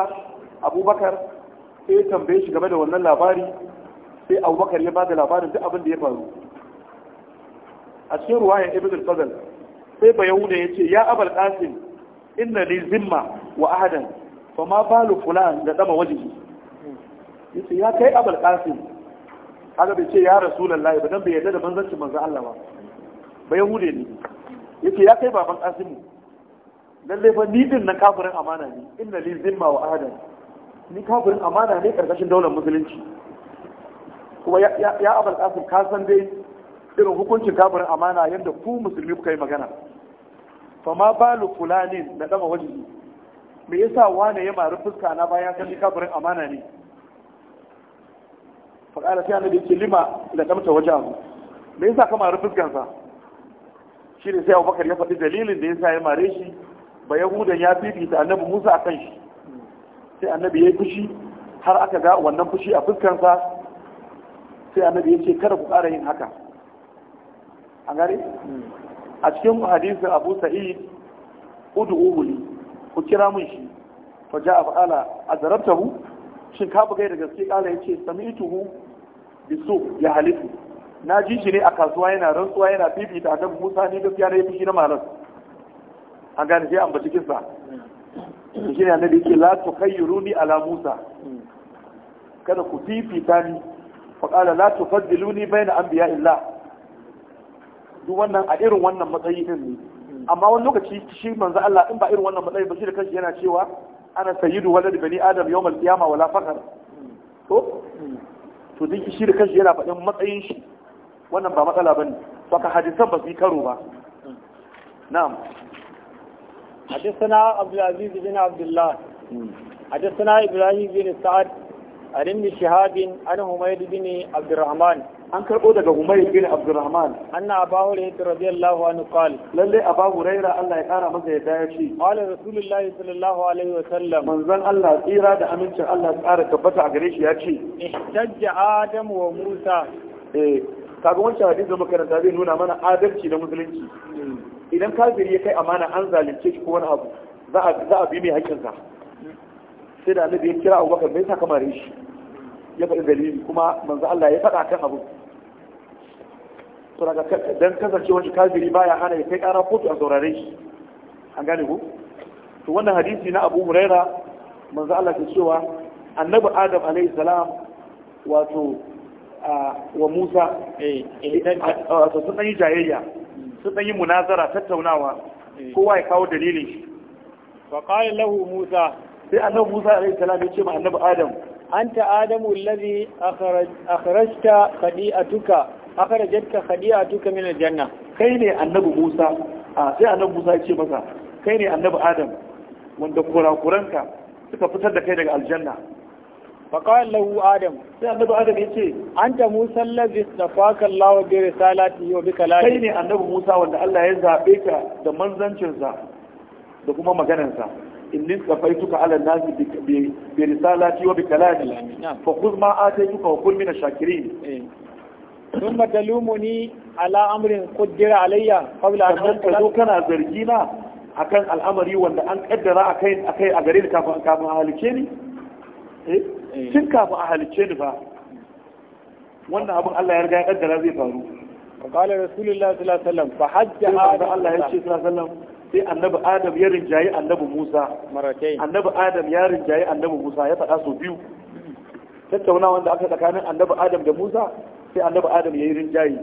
abubakar sai ya tambaye shi game da wannan labari sai abubakar ya bada labarin duk abin da ya faru a cikin ruwayan ibn al-fadl sai bayahuda ya ce ya abul qasim inna li zimma wa ahadan fa ma balu fulan da dama wajihi yace ya kai abul qasim haka bai ce ya rasulullahi ba dan bai yarda da manzancin manzo Allah ba ba yahude ne yace ya kai baban qasim lalle fa ni din na kafirin amana ne inna li zimma wa ahadan ni kafirin amana ne karkashin daular musulunci kuma ya abul qasim ka san dai irin hukuncin kafirin amana yadda ku musulmi kuka yi magana fa ma balu fulanin na dama ne. me yasa wane ya mari fuska na bayan san ni kabarin amana ne fa kala sai annabi ce lima da damta mu. me yasa ka mari fuskan sa shi ne sai Abubakar ya faɗi dalilin da yasa ya mare shi ba yahudan ya fifita annabi Musa akan shi sai annabi ya yi fushi har aka ga wannan fushi a fuskansa sai annabi ya ce kada ku ƙara yin haka a gare a cikin hadisin abu sa'id udu wuli, ku kira mun shi fa ja'a fa'ala azrabtahu shin ka bugai da gaske kala yace sami'tuhu bisu ya halifu na ji shi ne a kasuwa yana rantsuwa yana da annabi Musa ne da ne yafi shi na malam an gane sai an cikin sa shi ne annabi yake la tukayyiruni ala Musa kada ku fifita ni fa kala la tufaddiluni baina anbiya'illah duk wannan a irin wannan matsayi din ne amma wani lokaci shi manzo Allah in ba irin wannan matsayi ba shi da kanshi yana cewa ana sayyidu walad bani adam yawmal qiyamah wala faqar to to duk shi da kanshi yana faɗin matsayin shi wannan ba matsala bane saka hadisan ba su yi karo ba na'am حدثنا عبد العزيز بن عبد الله حدثنا ابراهيم بن an ibn shihab an humayd bin abdurrahman an karbo daga humayd bin abdurrahman anna abu hurairah radiyallahu anhu qala lalle abu hurairah Allah ya kara masa yadda ya ce qala rasulullahi sallallahu alaihi wa sallam manzon Allah tsira da amincin Allah ya kara tabbata a gare shi ya ce ihtajja adam wa musa eh kaga wancan hadisi da makaranta zai nuna mana adalci na musulunci idan kafiri ya kai amana an zalunce shi ko wani abu za a bi mai haƙƙinsa sai da annabi ya kira abubakar bai sa kamar shi ya faɗi dalili kuma manzo Allah ya faɗa kan abu to daga dan kasance wani kafiri baya hana ya kai ƙara kotu a saurare shi an gane ku to wannan hadisi na Abu Huraira manzo Allah ke cewa annabi Adam alaihi salam wato wa Musa eh, eh, wato sun ɗan yi jayayya sun ɗan yi munazara tattaunawa eh. kowa ya kawo dalilin shi fa qala lahu Musa sai annabi Musa alaihi salam ya ce ma annabi Adam أنت آدم الذي أخرج أخرجت خديئتك أخرجتك خديئتك من الجنة كيني النبي موسى آه سي النبي موسى يشي مسا كيني النبي آدم wanda kurakuranka suka fitar da kai daga aljanna فقال له آدم سيدنا أبو آدم يتي أنت موسى الذي استفاك الله برسالته وبكلامه كيني أنه موسى وأن الله يزعبك ده منزنشنسا ده كما مغننسا inni safaituka ala nasi bi risalati wa bi kalami fa khudh ma ataytuka wa kun min ash-shakirin eh. thumma talumuni ala amrin qaddara alayya qabla an tazo kana zargina akan al'amari wanda an kaddara akai akai a gare ni kafin a halice ni eh, eh. tun a halice ni fa wannan abin Allah ya riga ya zai faru qala rasulullahi sallallahu alaihi hajja sai annabi adam ya rinjaye annabi musa annabi adam ya rinjaye annabi musa ya faɗa sau biyu tattauna wanda aka tsakanin annabi adam da musa sai annabi adam ya yi rinjaye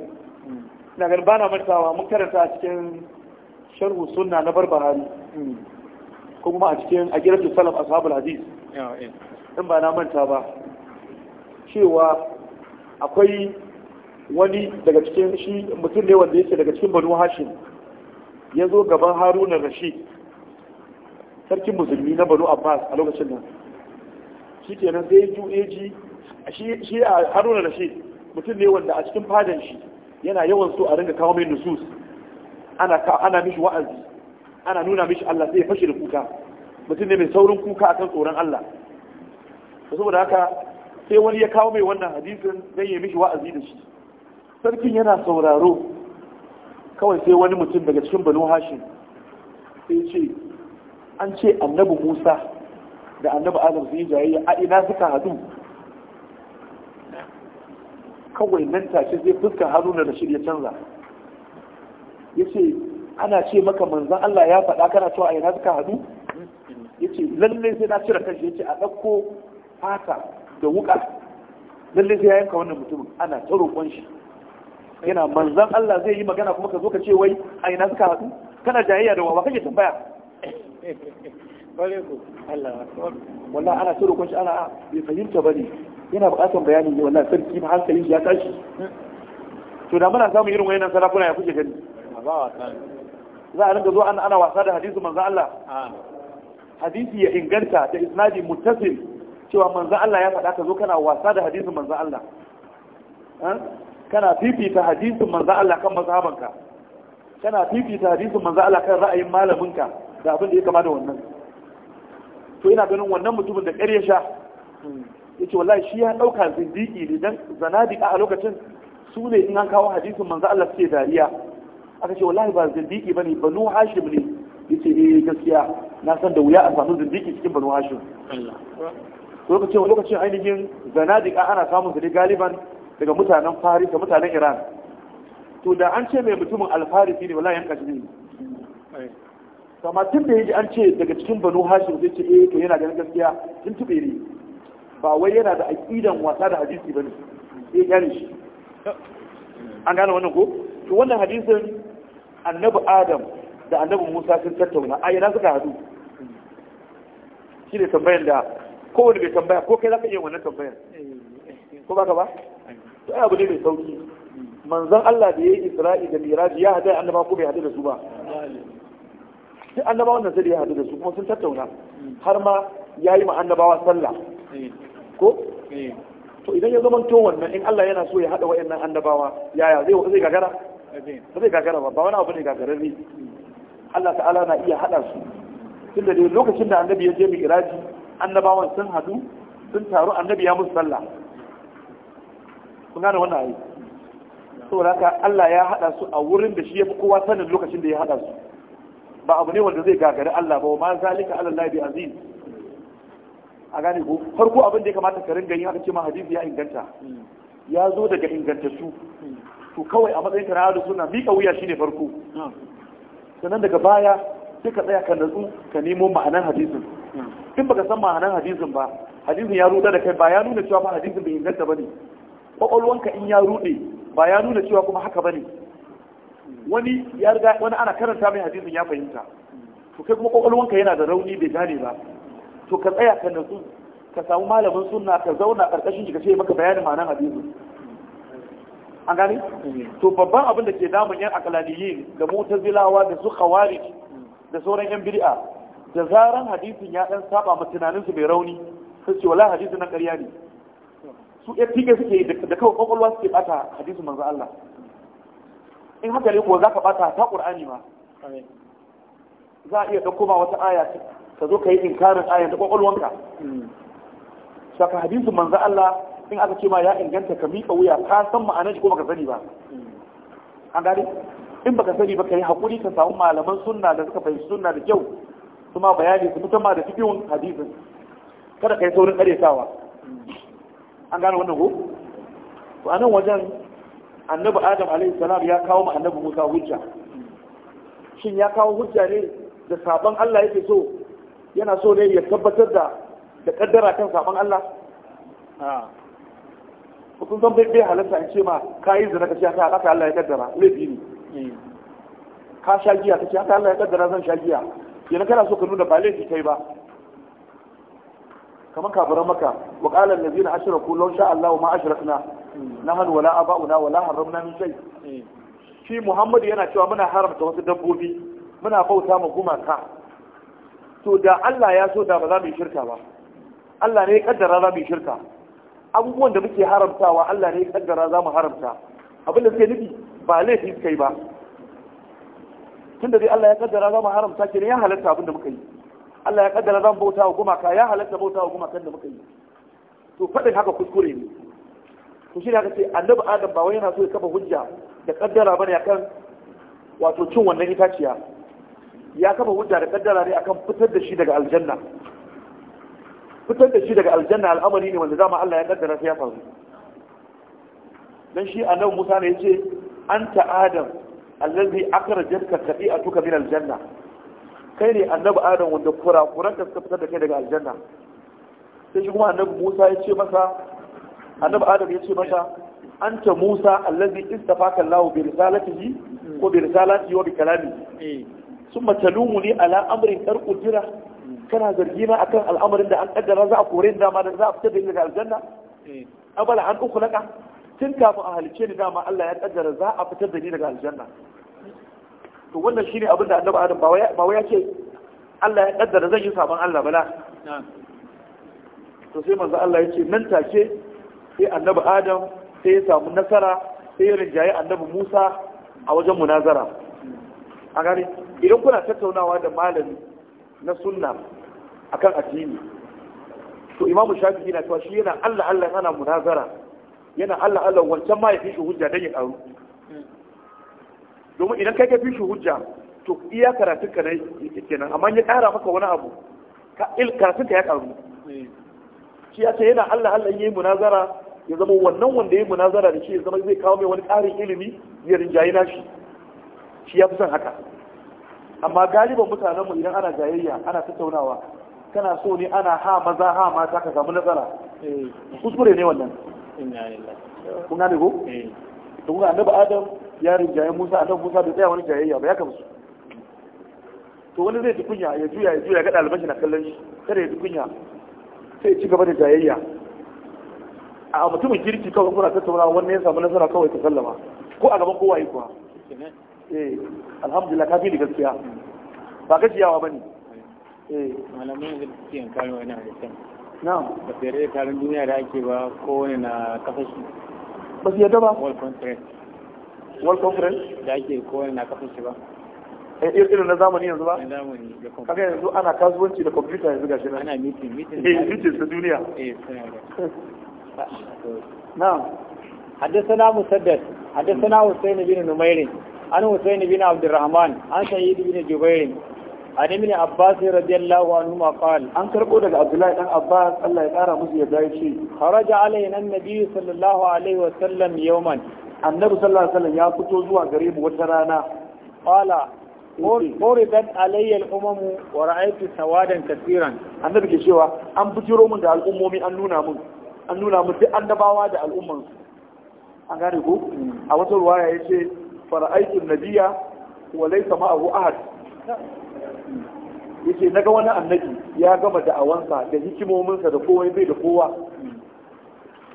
ina ganin bana mantawa mun karanta a cikin sharhu sunna na barbahari ko kuma a cikin a girafin salaf ashabul hadis in ba na manta ba cewa akwai wani daga cikin shi mutum ne wanda yake daga cikin banu hashim ya zo gaban haruna rashi sarkin musulmi na banu abbas a lokacin nan shi kenan sai ju'eji shi a haruna rashi mutum ne wanda a cikin fadan shi yana yawan so a ringa kawo mai nusus ana mishi wa'azi ana nuna mishi Allah sai ya fashe da kuka mutum ne mai saurin kuka akan tsoron Allah saboda haka sai wani ya kawo mai wannan hadisin zai yi mishi wa'azi da shi sarkin yana sauraro kawai sai wani mutum daga cikin banu hashin sai ce an ce annabi musa da annabi adam su yi jayayya a ina suka hadu kawai nan tashi zai fuskar haruna da shirya canza ya ce ana ce maka manzan allah ya faɗa kana cewa a ina suka hadu ya ce lallai sai na cire kanshi ya ce a ɗauko fata da wuƙa lallai sai ya yanka wannan mutumin ana ta roƙon shi yana manzan Allah zai yi magana kuma ka zo ka ce wai a ina suka haɗu kana jayayya da wawa kake tambaya Wala ana so roƙon shi ana ah, bai fahimta ba ne yana buƙatar bayani ne wannan sarki ma hankalin shi ya tashi to da muna samun irin wayannan sarakuna ya kuke gani za a rinka zo ana wasa da hadisi manzan Allah hadisi ya inganta da isnadi muttasil cewa manzan Allah ya faɗa ka zo kana wasa da hadisu manzan Allah kana fifita hadisin manzo Allah kan mazhabanka kana fifita hadisin manzo Allah kan ra'ayin malaminka da abin da ya kama da wannan to ina ganin wannan mutumin da ƙarya sha yace wallahi shi ya dauka zindiki ne dan zanadika a lokacin su ne in an kawo hadisin manzo Allah suke dariya aka ce wallahi ba zindiki bane banu hashim ne yace eh gaskiya na san da wuya a samu zindiki cikin banu hashim Allah lokacin lokacin ainihin zanadika ana samun su ne galiban daga mutanen farisa mutanen iran to da an ce mai mutumin alfarisi ne wala yanka jini, ne kama tun da yaji an ce daga cikin banu hashim zai ce eh to yana ganin gaskiya tun tube ne ba wai yana da aqidan wasa da hadisi bane sai gane shi an gane wannan ko to wannan hadisin annabi adam da annabi musa sun tattauna ai yana suka hadu shi ne tambayar da kowane bai tambaya ko kai za ka iya wannan tambayar eh, eh, eh. ko ba ka ba to ai abu ne mai sauki manzon Allah da yayi Isra'i da Miraj ya hada annaba ko bai hada da su ba duk annabawan wannan sai ya hada da su kuma sun tattauna har ma yayi ma annabawa sallah ko to idan ya zama to wannan in Allah yana so ya hada wa'annan annabawa yaya zai zai gagara zai gagara ba ba wani abu ne gagararre Allah ta'ala na iya hada su tunda da lokacin da annabi ya je mi'raji annabawan sun hadu sun taru annabi ya musu sallah kun gane wannan ayi saboda haka Allah ya hada su a wurin da shi ya fi kowa sanin lokacin da ya hada su ba abu ne wanda zai gagari Allah ba ma zalika ala Allah bi aziz a gane ko farko abin da ya kamata ka ringa yin haka ce ma hadisi ya inganta ya zo daga ingantattu to kawai a matsayin ka na ahlus sunna mika wuya shine farko sannan daga baya sai ka tsaya ka natsu ka nemo ma'anar hadisin in baka san ma'anar hadisin ba hadisin ya ruda da kai ba ya nuna cewa ba hadisin bai inganta ba ne kwakwalwanka in ya rude ba ya nuna cewa kuma haka bane wani ya riga wani ana karanta mai hadisin ya fahimta to kai kuma kwakwalwanka yana da rauni bai gane ba to ka tsaya ka natsu ka samu malamin sunna ka zauna karkashin shi ka ce maka bayanin ma'anar hadisin an gane to babban abin da ke damun yan akalaniyin da mutazilawa da su khawarij da sauran yan bid'a da zaran hadisin ya dan saba ma tunanin su bai rauni sai ce wala hadisin nan ƙarya ne su ya tike suke da kawai kwakwalwa suke bata hadisu manzo Allah in haka ne kuwa za ka bata ta ƙur'ani ma za a iya ɗauko ma wata aya ka zo ka yi inkarin aya ta kwakwalwanka hmm. saka hadisu manzo Allah in aka ce ma ya inganta ka miƙa wuya ka san ma'anar shi ko baka sani ba hmm. an gane in baka sani ba ka yi haƙuri ka samu malaman sunna da suka fahimci sunna da kyau su ma bayani su fitan ma da cikin hadisin kada ka yi saurin karyatawa hmm. an gane wannan ko to a nan wajen annabi adam alaihi salam ya kawo ma annabi musa hujja shin ya kawo hujja ne da sabon allah yake so yana so ne ya tabbatar da da kaddara kan sabon allah kun san bai halatta in ce ma ka yi zina ka ce haka haka allah ya kaddara laifi ne eh. ka sha giya ka ce haka allah ya kaddara zan sha giya yana kana so ka nuna ba laifi kai ba kamar kafiran maka wa qala allazina ashraku law sha Allahu ma ashrakna nahan wala aba'una wala harramna min shay shi Muhammadu yana cewa muna haramta wasu dabbobi muna bauta ma gumaka to da Allah ya so da ba za mu yi shirka ba Allah ne ya kaddara za mu yi shirka abubuwan da muke haramtawa Allah ne ya kaddara za mu haramta abin da suke nufi ba laifi suka yi ba tunda dai Allah ya kaddara za mu haramta kenan ya halatta abin da muka yi Allah ya kaddara zan bauta wa gumaka ya halatta bauta wa gumaka da muka yi to faɗin haka kuskure ne to shi ne haka ce annabi adam ba wai yana so ya kafa hujja da kaddara bane akan wato cin wannan itaciya ya kafa hujja da kaddara ne akan fitar da shi daga aljanna fitar da shi daga aljanna al'amari ne wanda dama Allah ya kaddara sai ya faru dan shi annabi Musa ne yace anta adam allazi akhrajatka tabi'atuka min aljanna kai ne annabi adam wanda kurakuran ka suka fitar da kai daga aljanna sai shi kuma annabi musa ya ce masa annabi adam ya ce masa anta musa allazi istafaka allah bi risalatihi ko bi risalati wa bi kalami eh. summa talumuni ala amrin qad qudira kana zargi na akan al'amarin da an kaddara za a kore ni dama da za a fitar da ni daga aljanna eh. abala an ukhlaqa tun kafin a halice ni dama Allah ya kaddara za a fitar da ni daga aljanna to wannan shine abin da annabi adam ba wai ya ce Allah ya kaddara zai yi sabon Allah bala to sai manzo Allah ya ce nan take sai annabi adam sai ya samu nasara sai ya rinjaye annabi Musa a wajen munazara a gani idan kuna tattaunawa da malami na sunna akan addini to imamu shafi'i na cewa shi yana Allah Allah yana munazara yana Allah Allah wancan ma ya fi shi hujja dan ya karu hmm. domin idan kai ka fi shi hujja to iya karatun ka ne kenan amma ya kara maka wani abu karatun ka ya karu shi ya ce yana Allah Allah yayi munazara ya zama wannan wanda yayi munazara da shi ya zama zai kawo mai wani ƙarin ilimi ya rinjayi nashi shi ya fi son haka amma galiban mutanen mu idan ana jayayya ana tattaunawa kana so ne ana ha maza ha mata ka samu nasara eh. kuskure ne wannan kun gane ko to eh. kun annabi adam ya rinjaye musa a nan musa da tsaya wani jayayya ba ya su to wani zai tukunya ya juya ya juya ga ɗaliban shi na kallon shi kada ya tukunya sai ci gaba da jayayya a mutumin kirki kawai kuna tattauna wannan ya samu nasara kawai ta sallama ko a gaban kowa yi kuwa eh alhamdulillah ka fi gaskiya ba gajiyawa ba eh. ba su ba kowane su ba conference world conference da ake koyar na kafin shi ba eh, irin na zamani yanzu ba kaga yanzu ana kasuwanci da kwamfuta yanzu gashi nan ana meeting meeting eh, ta duniya عبد الرحمن عن سعيد بن جبير عن ابن عباس رضي الله عنهما قال عن كربو دغ عبد الله بن عباس الله يقرا مس يدايشي خرج علينا النبي صلى الله عليه وسلم يوما annabi sallallahu alaihi wasallam ya fito zuwa gare mu wata rana qala dan alayya al-umam wa ra'aytu sawadan kaseeran annabi ke cewa an fitiro mun da al'ummomi an nuna mun an nuna mun duk annabawa da al'umman su an gane ko a wata ruwaya yace fara'aytu nabiyya wa laysa ma'ahu ahad yace naga wani annabi ya gama da awansa, da sa da kowa bai da kowa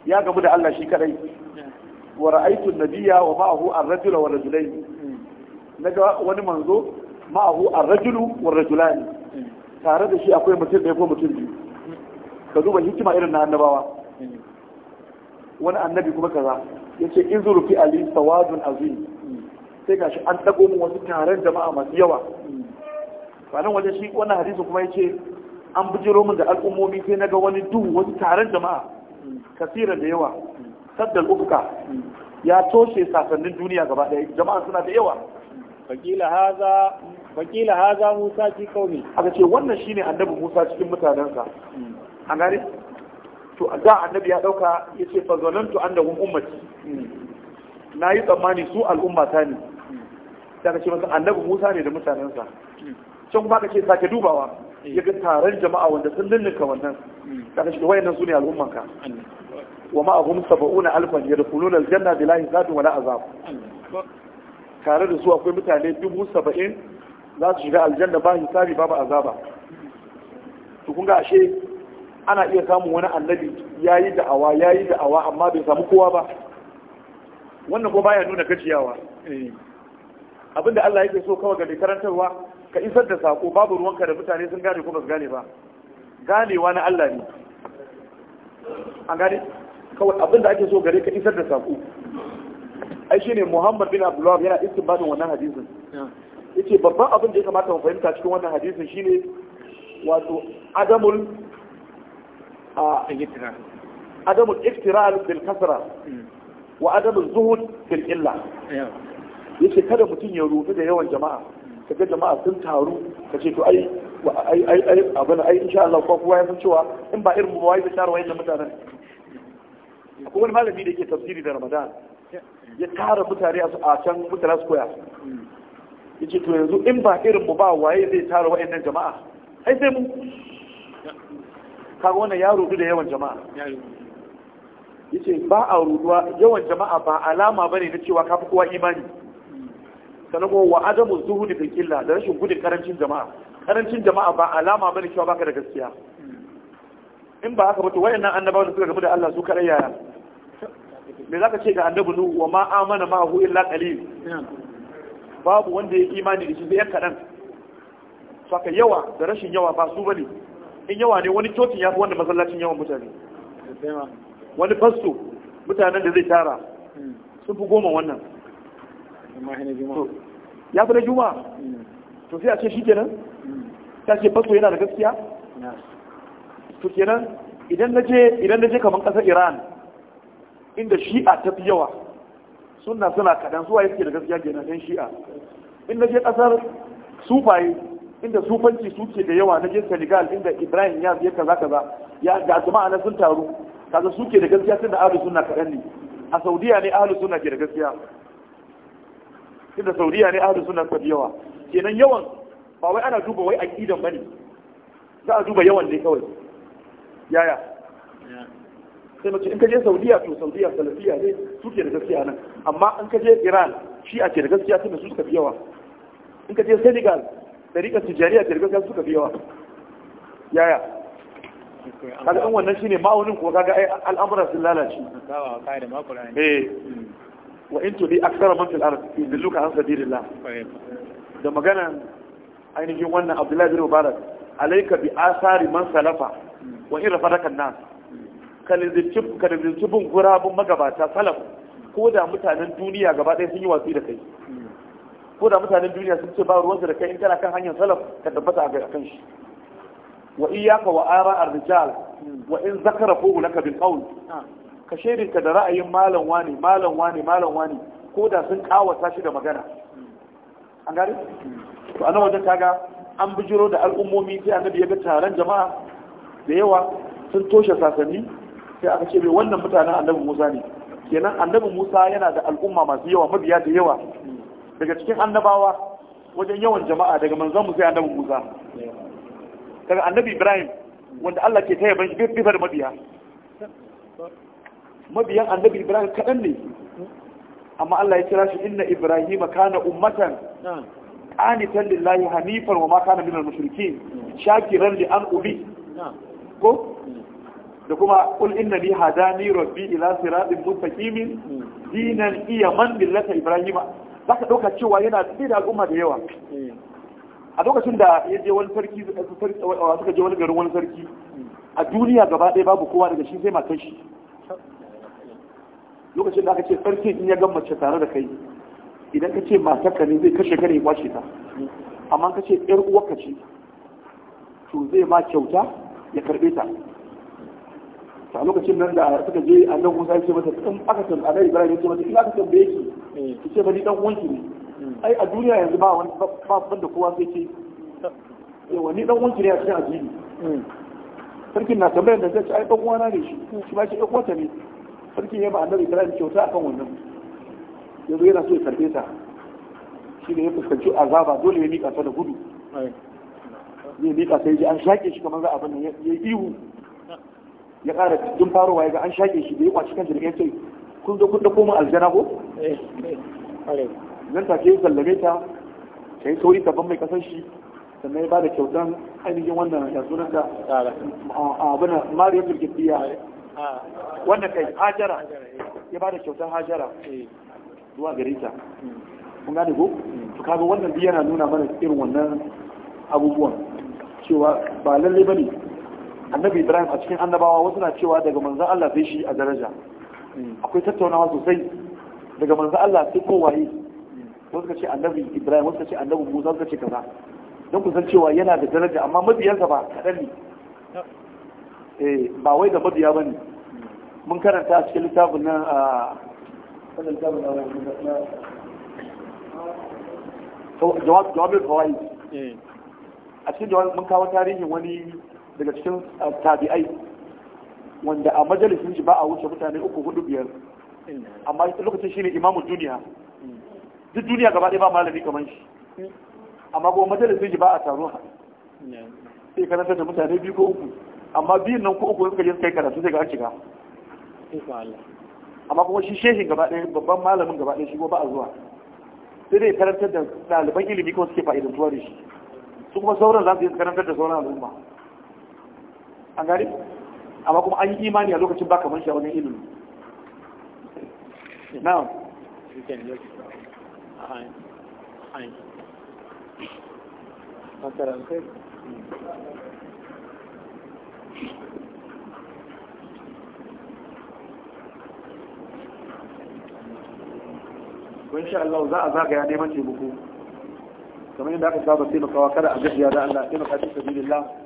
ya gamu da Allah shi kadai wa ra'aytu an-nabiyya wa ma'ahu ar rajul wa rajulayn naga wani manzo ma'ahu ar rajul wa rajulani tare da shi akwai mutum da ko mutum biyu ka duba hikima irin na annabawa wani annabi kuma kaza yace in zuru fi ali sawadun azim sai gashi an dago mu wasu taron jama'a masu yawa sanan wajen shi wannan hadisi kuma yace an bijiro min da al'ummomi sai naga wani duhu wasu taron jama'a kasira da yawa saddal Ufka ya toshe sasannin duniya gaba ɗaya jama'a suna da yawa fakila haza fakila haza musa ci kauni aka ce wannan shine annabi musa cikin mutanensa an gane to da annabi ya dauka yace fa zanantu annahum ummati na yi tsammani su al'umma ta ne ka ce masa annabi musa ne da mutanensa can kuma ka ce sake dubawa ya ga taron jama'a wanda sun lullunka wannan ka ce wayannan su ne al'ummanka wa ma ma'ahum saba'una alfan yadkhuluna aljanna bila hisabin wala azab tare da su akwai mutane dubu saba'in za su shiga aljanna ba hisabi ba azaba to kun ga ashe ana iya samun wani annabi yayi da'awa yayi awa, amma bai samu kowa ba wannan ko baya nuna gajiyawa eh. abinda Allah yake so kawai ga mai karantarwa ka isar da sako babu ruwanka da mutane sun gane ko ba su gane ba ganewa na Allah ne an gane kawai abin da ake so gare ka isar da saƙo ai shine muhammad bin abdullahi yana istinbatin wannan hadisin yace babban abin da ya kamata mu fahimta cikin wannan hadisin shine wato adamul a adamul iftiral bil kasra wa adamul zuhud bil illa yace kada mutum ya rubu da yawan jama'a kaga jama'a sun taru Ka ce to ai ai ai abin ai insha Allah ko kowa ya san cewa in ba irin mu ba wai da shar wayan mutanen akwai wani malami da ke tafsiri da ramadan ya tara mutane a can mutane su koya ya ce to yanzu in ba irin mu ba waye zai tara wa'annan jama'a ai sai mu kaga wannan ya rudu da yawan jama'a ya ce ba a ruduwa yawan jama'a ba alama ba ne na cewa kafi kowa imani sannan kuma wa adamu Zuhu, da killa da rashin gudun karancin jama'a karancin jama'a ba alama bane cewa baka da gaskiya in ba haka ba to wayannan annabawa da suka gamu da Allah su kare yaya me zaka ce ga annabi nuhu wa ma amana ma hu illa qalil babu wanda ya imani da shi sai yan kadan saka yawa da rashin yawa ba su bane in yawa ne wani cocin ya fi wanda masallacin yawan mutane wani fasto mutanen da zai tara hmm. sun fi goma wannan ya fi na juma'a hmm. to sai a ce shi kenan hmm. ta ce fasto yana da gaskiya to kenan idan na je idan na je kamar kasar iran inda shi'a ta fi yawa suna suna kaɗan suwa yake da gaskiya ke nan shi'a in na je ƙasar sufaye inda sufanci suke da yawa na je senegal inda ibrahim ya ziyarta kaza kaza ya ga jama'a na sun taru kaza suke da gaskiya tunda ahlus sunna kaɗan ne a saudiya ne ahlus sunna ke da gaskiya tunda saudiya ne ahlus sunna fi yawa kenan yawan ba wai ana duba wai aqidan bane za a duba yawan ne kawai yaya sai mace in ka je saudiya to saudiya salafiya ne suke da gaskiya nan amma in ka je iran shi a ke da gaskiya tunda su suka fi yawa in ka je senegal tariƙar tijariya ke da gaskiya suka fi yawa yaya kaga in wannan shine ma'aunin kuwa kaga ai al'amura sun lalace eh wa in tudi aksara man fil ard yudilluka an sabilillah da maganan ainihin wannan abdullahi bin mubarak alayka bi asari man salafa wa in rafadaka an-nas ka bin gurabin magabata salaf ko da mutanen duniya gaba ɗaya sun yi watsi da kai ko da mutanen duniya sun ce ba ruwansu da kai in kana kan hanyar salaf ka tabbata a kan shi wa iyaka wa ara ar-rijal wa in zakara ko laka bil qawl ka shedinka da ra'ayin malam wani malam wani malam wani ko da sun kawata shi da magana an gane to anan wajen kaga an bijiro da al'ummomi sai annabi ya ga taron jama'a da yawa sun toshe sasanni sai aka ce mai wannan mutanen annabi musa ne kenan annabi musa yana da al'umma masu yawa mabiya da yawa daga cikin annabawa wajen yawan jama'a daga manzon musa ya annabi musa daga annabi ibrahim wanda allah ke taya ban shi da mabiya mabiyan annabi ibrahim kaɗan ne amma allah ya kira shi inna ibrahim kana ummatan qanitan lillahi hanifan wa ma kana minal mushrikin shakiran li an ubi ko da kuma kul inna li hadani rabbi ila siratin mustaqimin dinan iya man billata ibrahima zaka dauka cewa yana cikin al'umma da yawa a lokacin da ya je wani sarki suka je wani garin wani sarki a duniya gaba ɗaya babu kowa daga shi sai matan shi lokacin da aka ce sarkin in ya ga mace tare da kai idan ka ce ka ne zai kashe ka ne kwashe ta amma ka ce yar ka ce to zai ma kyauta ya karbe ta a lokacin nan da suka je annan musa ya ce mata in aka san a ibrahim ya ce mata in aka tambaye ki ki mm. ce bari dan wanki ne mm. ai a duniya yanzu ba wani ba ban da kowa sai ce yawa ni dan wanki ne a cikin addini mm. sarkin na tambayar da zai ce ai dan uwana ne shi shi ba shi dan uwata ne sarkin ya ba annabi ibrahim kyauta akan wannan yanzu yana so ya karbe ta shi ne ya fuskanci azaba dole ya mika ta da gudu zai mika sai ji an shaƙe shi kamar za a bane ya yi ihu ya ƙara cikin farowa ya ga an shaƙe shi da ya kwaci kan jirgin sai kun zo kun da koma aljana ko eh, eh, nan take ya sallame ta ta yi sauri taban mai kasan shi sannan ya ba da kyautan ainihin wannan ya sunan da abin mariya biya. wannan kai hajara eh. ya ba da kyautan hajara zuwa gare ta hmm. kun gane ko hmm. to kaga wannan biya na nuna mana irin wannan abubuwan cewa ba lallai bane annabi ibrahim a cikin annabawa wasu na cewa daga manzan allah sai shi a daraja akwai tattaunawa sosai daga manzan allah sai kowaye wasu ka ce annabi ibrahim wasu ka ce annabi musa wasu ka ce kaza don kusan cewa yana da daraja amma mabiyansa ba kaɗan ne eh, ba wai da mabiya ba ne mun karanta a cikin littafin nan a jawabin kawai eh. a cikin jawabin mun kawo tarihin wani daga cikin eh, tabi'ai wanda a majalisun shi ba a wuce mutane uku hudu biyar amma lokacin shi ne imamun duniya duk duniya gaba ɗaya ba malami kamar shi amma kuma majalisun shi ba a taro sai karanta da mutane biyu ko uku amma biyun nan ko uku suka je suka yi karatu sai ga an shiga amma kuma shi shehin gaba ɗaya babban malamin gaba ɗaya shi ko ba a zuwa sai dai karantar da ɗaliban ilimi kuma suke fa'idantuwa da shi su kuma sauran za su yi karantar da sauran al'umma an gari amma kuma an yi imani a lokacin baka kamar a wani ilimi now kun sha Allah za a zagaya neman taimako kamar yadda aka saba taimakawa kada a gajiya da Allah taimaka fi sabilillah